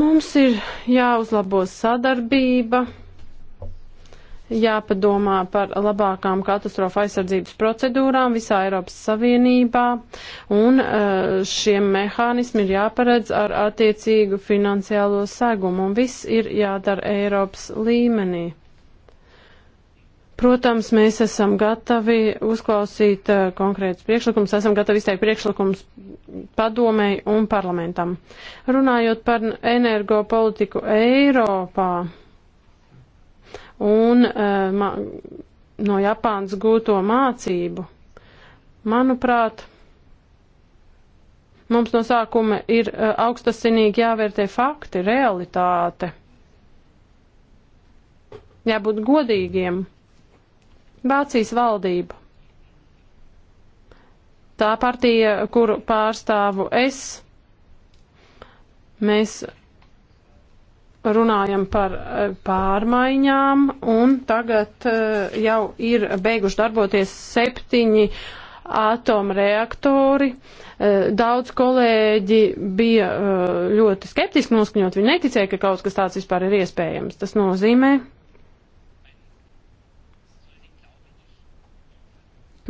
Mums ir jāuzlabo sadarbība, jāpadomā par labākām katastrofa aizsardzības procedūrām visā Eiropas Savienībā, un eh, šiem mehānismi ir jāparedz ar attiecīgu finansiālo segumu, un viss ir jādara Eiropas līmenī. Protams, mēs esam gatavi uzklausīt uh, eh, konkrētus priekšlikumus, esam gatavi izteikt priekšlikumus padomēji un parlamentam. Runājot par energopolitiku Eiropā un uh, ma, no Japānas gūto mācību, manuprāt, mums no sākuma ir uh, augstasinīgi jāvērtē fakti, realitāte. Jābūt godīgiem Vācijas valdību. Tā partija, kuru pārstāvu es, mēs runājam par eh, pārmaiņām, un tagad eh, jau ir beiguši darboties septiņi atomreaktori. Eh, daudz kolēģi bija ļoti skeptiski noskaņot, viņi neticēja, ka kaut kas tāds vispār ir iespējams. Tas nozīmē,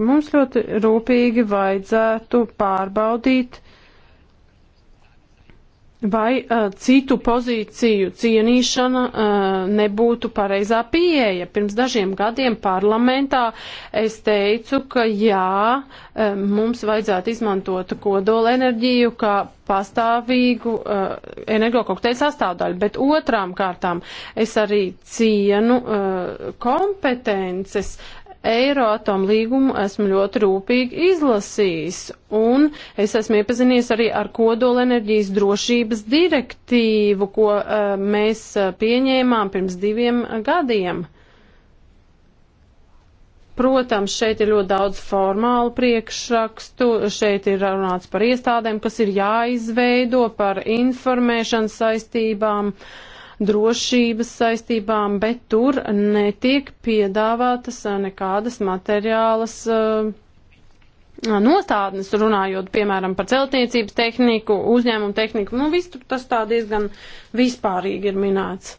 Mums ļoti rūpīgi vajadzētu pārbaudīt, vai uh, citu pozīciju cienīšana uh, nebūtu pareizā pieeja. Pirms dažiem gadiem parlamentā es teicu, ka jā, uh, mums vajadzētu izmantot kodola enerģiju kā pastāvīgu uh, energokokteļu sastāvdaļu, bet otrām kārtām es arī cienu uh, kompetences. Eiroatom līgumu esmu ļoti rūpīgi izlasījis, un es esmu iepazinies arī ar kodolenerģijas drošības direktīvu, ko uh, mēs eh, pieņēmām pirms diviem gadiem. Protams, šeit ir ļoti daudz formālu priekšrakstu, šeit ir runāts par iestādēm, kas ir jāizveido, par informēšanas saistībām. Uh, drošības saistībām, bet tur netiek piedāvātas eh, nekādas materiālas eh, nostādnes, runājot, piemēram, par celtniecības tehniku, uzņēmumu tehniku. Nu, viss tur tas tā diezgan vispārīgi ir minēts.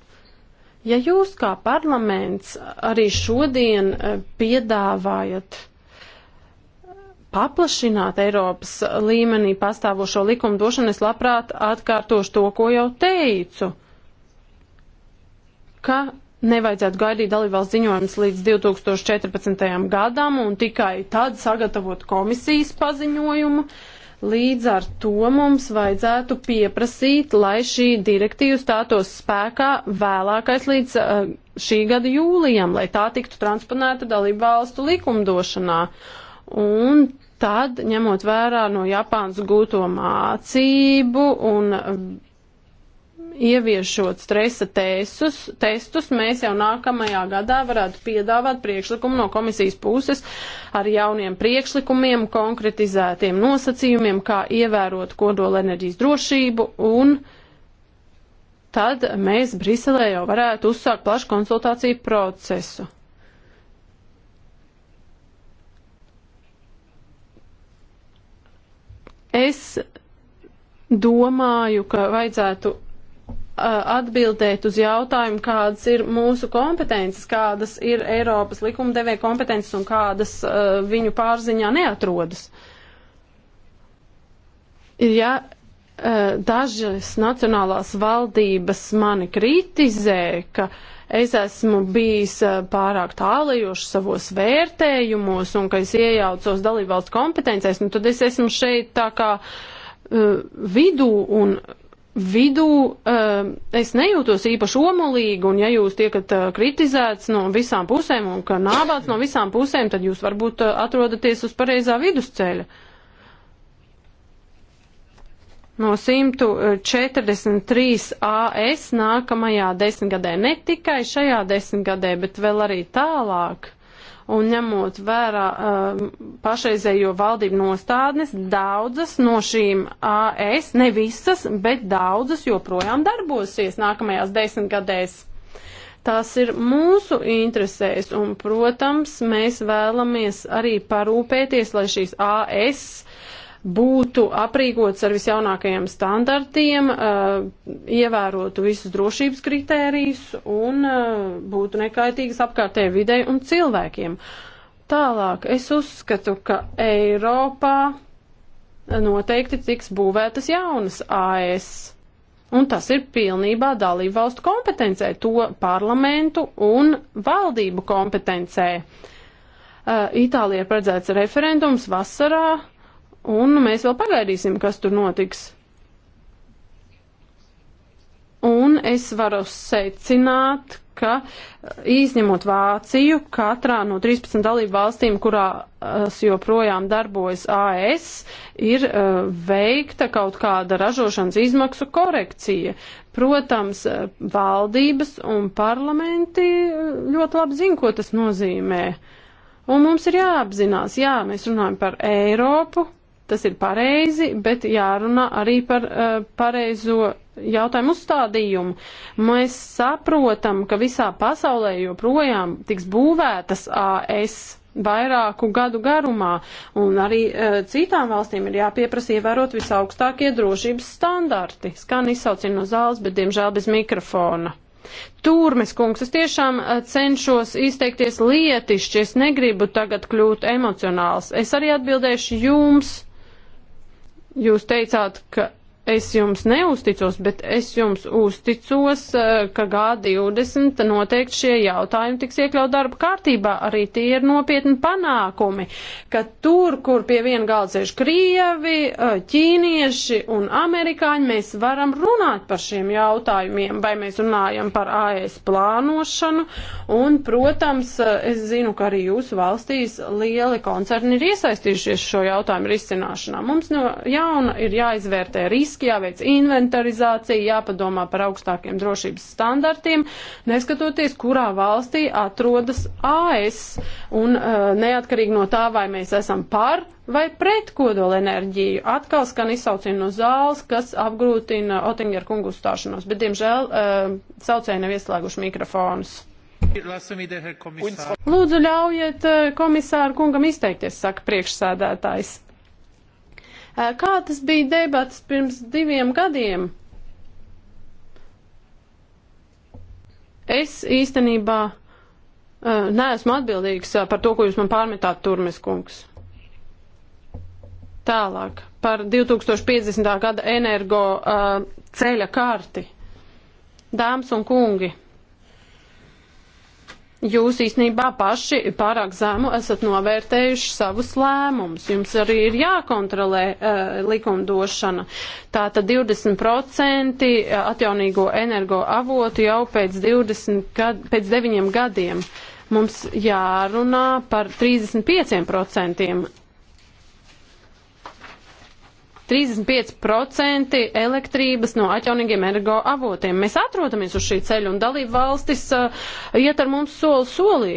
Ja jūs kā parlaments arī šodien eh, piedāvājat paplašināt Eiropas līmenī pastāvošo likumdošanu, es labprāt atkārtošu to, ko jau teicu. Uh, ka nevajadzētu gaidīt dalībvalsts ziņojums līdz 2014. gadam un tikai tad sagatavot komisijas paziņojumu. Līdz ar to mums vajadzētu pieprasīt, lai šī direktīva stātos spēkā vēlākais līdz eh, šī gada jūlijam, lai tā tiktu transponēta dalību valstu likumdošanā. Un tad, ņemot vērā no Japānas gūto mācību un ieviešot stresa tēsus, testus, mēs jau nākamajā gadā varētu piedāvāt priekšlikumu no komisijas puses ar jauniem priekšlikumiem, konkretizētiem nosacījumiem, kā ievērot kodola enerģijas drošību un tad mēs Briselē jau varētu uzsākt plašu konsultāciju procesu. Es domāju, ka vajadzētu atbildēt uz jautājumu, kādas ir mūsu kompetences, kādas ir Eiropas likumdevēja kompetences un kādas uh, viņu pārziņā neatrodas. Ja uh, dažas nacionālās valdības mani kritizē, ka es esmu bijis uh, pārāk tālajošs savos vērtējumos un ka es iejaucos dalībvalsts kompetencēs, nu tad es esmu šeit tā kā vidū un vidū uh, es nejūtos īpaši omolīgi, un ja jūs tiekat uh, kritizēts no visām pusēm un ka nāvāts no visām pusēm, tad jūs varbūt uh, atrodaties uz pareizā vidusceļa. No 143 AS nākamajā desmitgadē, ne tikai šajā desmitgadē, bet vēl arī tālāk un ņemot vērā uh, pašreizējo valdību nostādnes, daudzas no šīm AS, ne visas, bet daudzas joprojām darbosies nākamajās desmitgadēs. Tās ir mūsu interesēs, un, protams, mēs vēlamies arī parūpēties, lai šīs AS būtu aprīkots ar visjaunākajiem standartiem, eh, ievērotu visus drošības kritērijus un eh, būtu nekaitīgas apkārtējai videi un cilvēkiem. Tālāk es uzskatu, ka Eiropā eh, noteikti tiks būvētas jaunas AS. Un tas ir pilnībā dalību valstu kompetencē, to parlamentu un valdību kompetencē. Uh, Itālijā ir paredzēts referendums vasarā, uh, Un mēs vēl pagaidīsim, kas tur notiks. Un es varu secināt, ka izņemot Vāciju, katrā no 13 dalību valstīm, kurās joprojām darbojas AS, e ir uh, veikta kaut kāda ražošanas izmaksu korekcija. Protams, eh, valdības un parlamenti eh, ļoti labi zina, ko tas nozīmē. Un mums ir jāapzinās, jā, mēs runājam par Eiropu, Tas ir pareizi, bet jārunā arī par uh, pareizo jautājumu uzstādījumu. Mēs saprotam, ka visā pasaulē joprojām tiks būvētas AS vairāku gadu garumā, un arī uh, citām valstīm ir jāpieprasa ievērot visaugstākie drošības standarti. Skan izsaucina no zāles, bet diemžēl bez mikrofona. Tūrmes kungs, es tiešām eh, cenšos izteikties lietišķi, es negribu tagad kļūt emocionāls. Es arī atbildēšu jums. Jūs teicāt, ka es jums neusticos, bet es jums uzticos, eh, ka G20 noteikti šie jautājumi tiks iekļaut darba kārtībā. Arī tie ir nopietni panākumi, ka tur, kur pie viena galda sēž Krievi, eh, Ķīnieši un Amerikāņi, mēs varam runāt par šiem jautājumiem, vai mēs runājam par AS plānošanu. Un, protams, eh, es zinu, ka arī jūsu valstīs lieli koncerni ir iesaistījušies šo jautājumu risināšanā. Mums no jauna ir jāizvērtē riski riski, jāveic inventarizācija, jāpadomā par augstākiem drošības standartiem, neskatoties, kurā valstī atrodas AS. Un uh, neatkarīgi no tā, vai mēs esam par vai pret kodolenerģiju, atkal skan izsaucienu no zāles, kas apgrūtina Otingeru kungu uzstāšanos, bet, diemžēl, uh, saucēji nav ieslēguši mikrofonus. Lūdzu, ļaujiet uh, komisāru kungam izteikties, saka priekšsēdētājs. Kā tas bija debats pirms diviem gadiem? Es īstenībā neesmu atbildīgs par to, ko jūs man pārmetāt, Turmes kungs. Tālāk par 2050. gada energo ceļa karti. Dāmas un kungi, Jūs īsnībā paši pārāk zemu esat novērtējuši savus lēmumus. Jums arī ir jākontrolē uh, likumdošana. Tātad 20% eh, atjaunīgo energo avotu jau pēc, 20 gad, pēc 9 gadiem. Mums jārunā par 35% 35% elektrības no atjaunīgiem energo avotiem. Mēs atrodamies uz šī ceļa un dalību valstis uh, iet ar mums soli solī.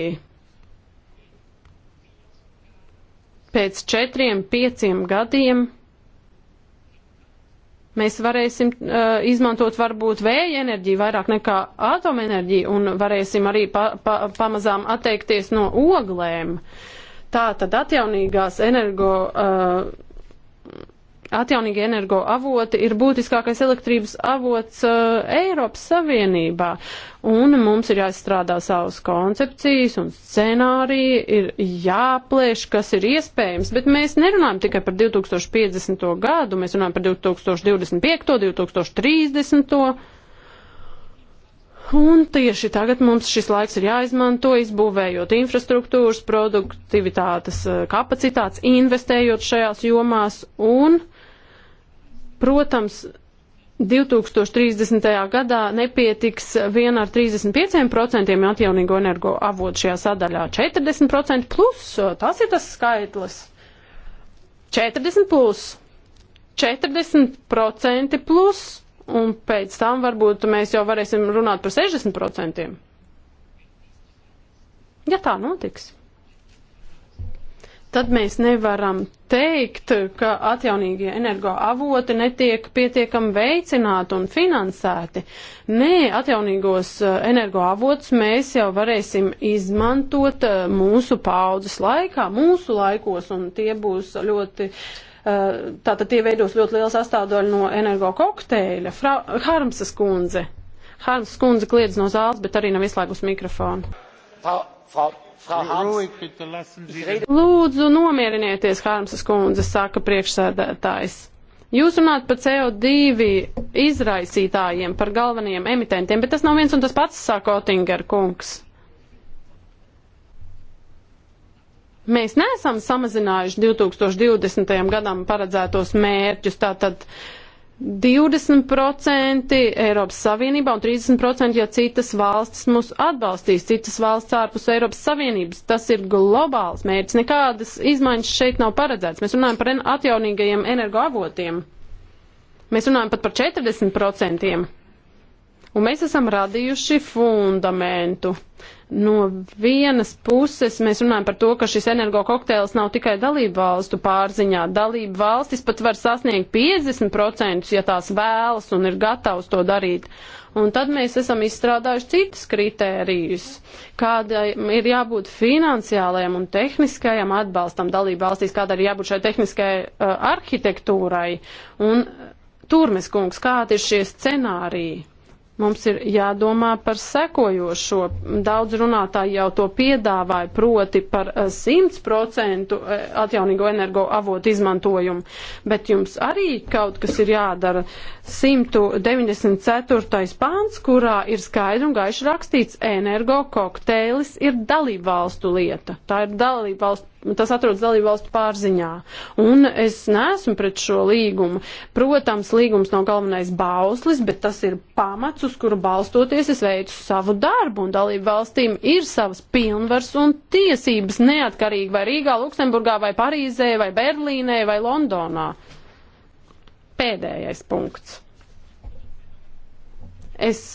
Pēc četriem, pieciem gadiem mēs varēsim uh, izmantot varbūt vēja enerģiju vairāk nekā atomenerģiju un varēsim arī pa, pa, pamazām atteikties no oglēm. Tā tad atjaunīgās energo. Uh, atjaunīgi energoavoti ir būtiskākais elektrības avots uh, Eiropas Savienībā. Un mums ir jāizstrādā savas koncepcijas un scenāriji, ir jāplēš, kas ir iespējams, bet mēs nerunājam tikai par 2050. gadu, mēs runājam par 2025. 2030. Un tieši tagad mums šis laiks ir jāizmanto, izbūvējot infrastruktūras, produktivitātes eh, kapacitātes, investējot šajās jomās un Protams, 2030. gadā nepietiks vien ar 35% atjaunīgo energo avotu šajā sadaļā. 40% plus, tas ir tas skaitlis. 40 plus, 40% plus, un pēc tam varbūt mēs jau varēsim runāt par 60%. Ja tā notiks tad mēs nevaram teikt, ka atjaunīgie energoavoti netiek pietiekami veicināti un finansēti. Nē, atjaunīgos eh, energoavotus mēs jau varēsim izmantot eh, mūsu paudzes laikā, mūsu laikos, un tie būs ļoti. Eh, tātad tie veidos ļoti liela sastāvdaļa no energo kokteļa. Fra Harmsas kundze. Harmsas kundze kliedz no zāles, bet arī nav izslēgus mikrofonu. Frau, Frau Lūdzu, nomierinieties, Hārmsas kundze, saka priekšsēdētājs. Jūs runājat par CO2 izraisītājiem, par galvenajiem emitentiem, bet tas nav viens un tas pats, saka Otinger kungs. Mēs neesam samazinājuši 2020. gadam paredzētos mērķus, tātad uh, 20% Eiropas Savienībā un 30%, ja citas valstis mūs atbalstīs, citas valsts ārpus Eiropas Savienības. Tas ir globāls mērķis. Nekādas izmaiņas šeit nav paredzēts. Mēs runājam par atjaunīgajiem energoavotiem. Mēs runājam pat par 40%. Un mēs esam radījuši fundamentu. Uh, no vienas puses mēs runājam par to, ka šis energo kokteils nav tikai dalību valstu pārziņā. Dalību valstis pat var sasniegt 50%, ja tās vēlas un ir gatavs to darīt. Un tad mēs esam izstrādājuši citus kritērijus, kāda ir jābūt finansiālajam un tehniskajam atbalstam dalību valstīs, kāda ir jābūt šai tehniskajai uh, arhitektūrai. Un uh, Turmes kungs, kādi ir šie scenāriji? Mums ir jādomā par sekojošo. Daudz runātāji jau to piedāvāja, proti par 100% eh, eh, atjaunīgo energo avotu izmantojumu. Bet jums arī kaut kas ir jādara. 194. pāns, kurā ir skaidri un gaiši rakstīts, energo kokteilis ir dalību valstu lieta. Tā ir dalību valstu tas atrodas dalībvalstu pārziņā. Un es neesmu pret šo līgumu. Protams, līgums nav galvenais bauslis, bet tas ir pamats, uz kuru balstoties es veicu savu darbu, un dalībvalstīm ir savas pilnvars un tiesības neatkarīgi vai Rīgā, Luksemburgā, vai Parīzē, vai Berlīnē, vai Londonā. Pēdējais punkts. Es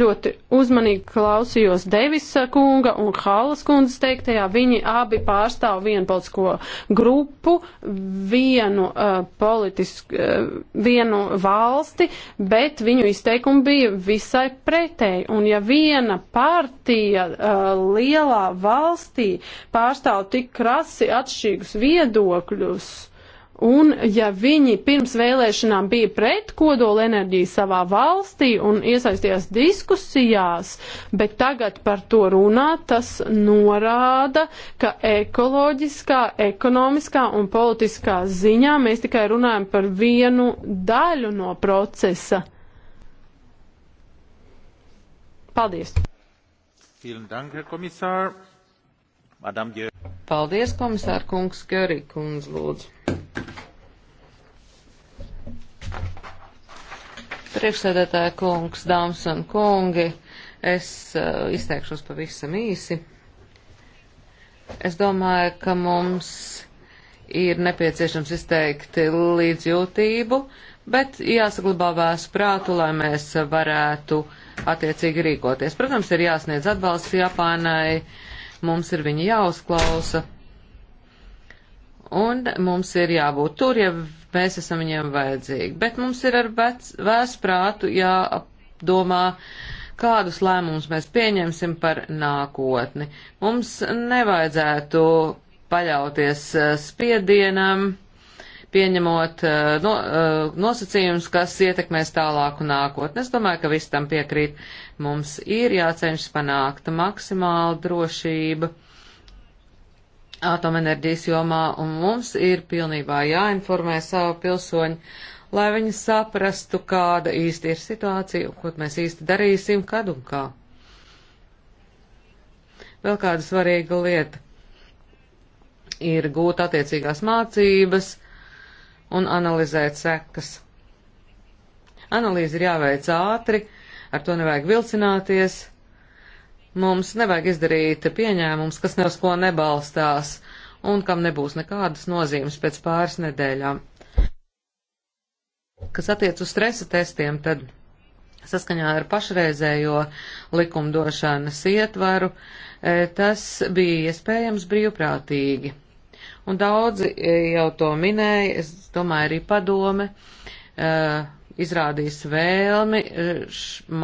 ļoti uzmanīgi klausījos Devisa kunga un Halas kundzes teiktajā. Viņi abi pārstāv vienu politisko grupu, vienu, uh, politisku, uh, vienu valsti, bet viņu izteikumi bija visai pretēji. Un ja viena partija uh, lielā valstī pārstāv tik krasi atšķirīgus viedokļus, Un ja viņi pirms vēlēšanām bija pret kodola enerģiju savā valstī un iesaistījās diskusijās, bet tagad par to runā, tas norāda, ka ekoloģiskā, ekonomiskā un politiskā ziņā mēs tikai runājam par vienu daļu no procesa. Paldies! Vielen Dank, Herr Kommissar. Paldies, komisār kungs, Gerī kundz, lūdzu. Priekšsēdētāja kungs, dāmas un kungi, es uh, izteikšos pavisam īsi. Es domāju, ka mums ir nepieciešams izteikt līdzjūtību, bet jāsaglabā vēsu prātu, lai mēs varētu attiecīgi rīkoties. Protams, ir jāsniedz atbalsts Japānai mums ir viņi jāuzklausa, un mums ir jābūt tur, ja mēs esam viņiem vajadzīgi. Bet mums ir ar vēsprātu jādomā, kādus lēmumus mēs pieņemsim par nākotni. Mums nevajadzētu paļauties eh, spiedienam, pieņemot eh, no, eh, nosacījumus, kas ietekmēs tālāku nākotni. Es domāju, ka viss tam piekrīt. Mums ir jācenšas panākt maksimāla drošība atomenerģijas jomā, un mums ir pilnībā jāinformē savu pilsoņu, lai viņi saprastu, kāda īsti ir situācija un ko mēs īsti darīsim, kad un kā. Vēl kāda svarīga lieta ir gūt attiecīgās mācības un analizēt sekas. Analīze ir jāveic ātri, ar to nevajag vilcināties. Mums nevajag izdarīt pieņēmums, kas ne uz ko nebalstās un kam nebūs nekādas nozīmes pēc pāris nedēļām. Kas attiec uz stresa testiem, tad saskaņā ar pašreizējo likumdošanas ietvaru, e, tas bija iespējams brīvprātīgi. Un daudzi e, jau to minēja, es domāju, arī padome e, izrādījis vēlmi e,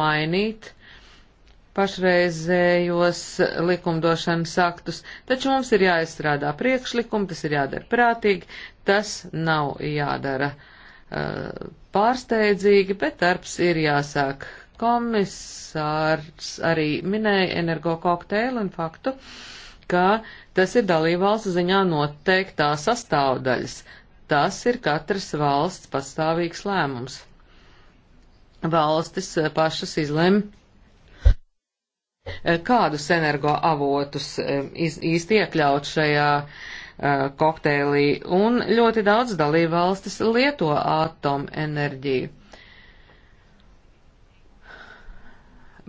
mainīt pašreizējos likumdošanas aktus, taču mums ir jāizstrādā priekšlikumi, tas ir jādara prātīgi, tas nav jādara uh, pārsteidzīgi, bet darbs ir jāsāk. Komisārs arī minēja energo kokteili un faktu, ka tas ir dalībvalsts ziņā noteiktā sastāvdaļas. Tas ir katras valsts pastāvīgs lēmums valstis eh, pašas izlem, eh, kādus energoavotus eh, īsti iekļaut šajā kokteilī, un ļoti daudz dalību valstis lieto atomenerģiju.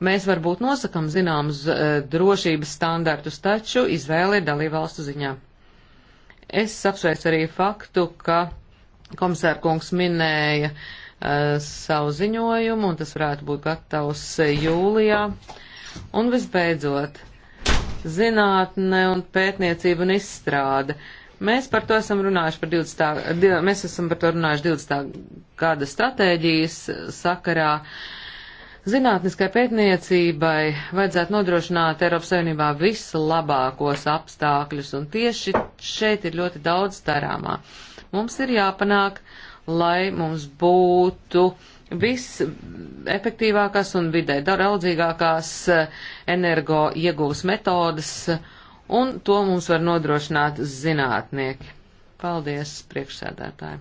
Mēs varbūt nosakam zināmus drošības standartus, taču izvēle ir dalībvalstu ziņā. Es apsveicu arī faktu, ka komisārkungs minēja uh, Eh, savu ziņojumu, un tas varētu būt gatavs eh, jūlijā. Un visbeidzot, zinātne un pētniecība un izstrāde. Mēs par to esam runājuši par 20. Mēs esam par to runājuši 20. gada stratēģijas sakarā. Zinātniskai pētniecībai vajadzētu nodrošināt Eiropas Savienībā vislabākos apstākļus, un tieši šeit ir ļoti daudz darāmā. Mums ir jāpanāk uh, lai mums būtu visefektīvākās un vidē draudzīgākās eh, energo iegūs metodas, un to mums var nodrošināt zinātnieki. Paldies, priekšsēdētāji!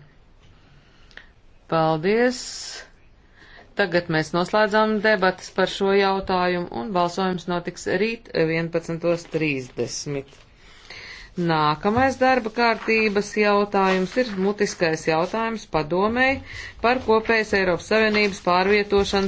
Paldies! Tagad mēs noslēdzām debatas par šo jautājumu, un balsojums notiks rīt 11.30. Nākamais darba kārtības jautājums ir mutiskais jautājums padomēji par kopējas Eiropas Savienības pārvietošanas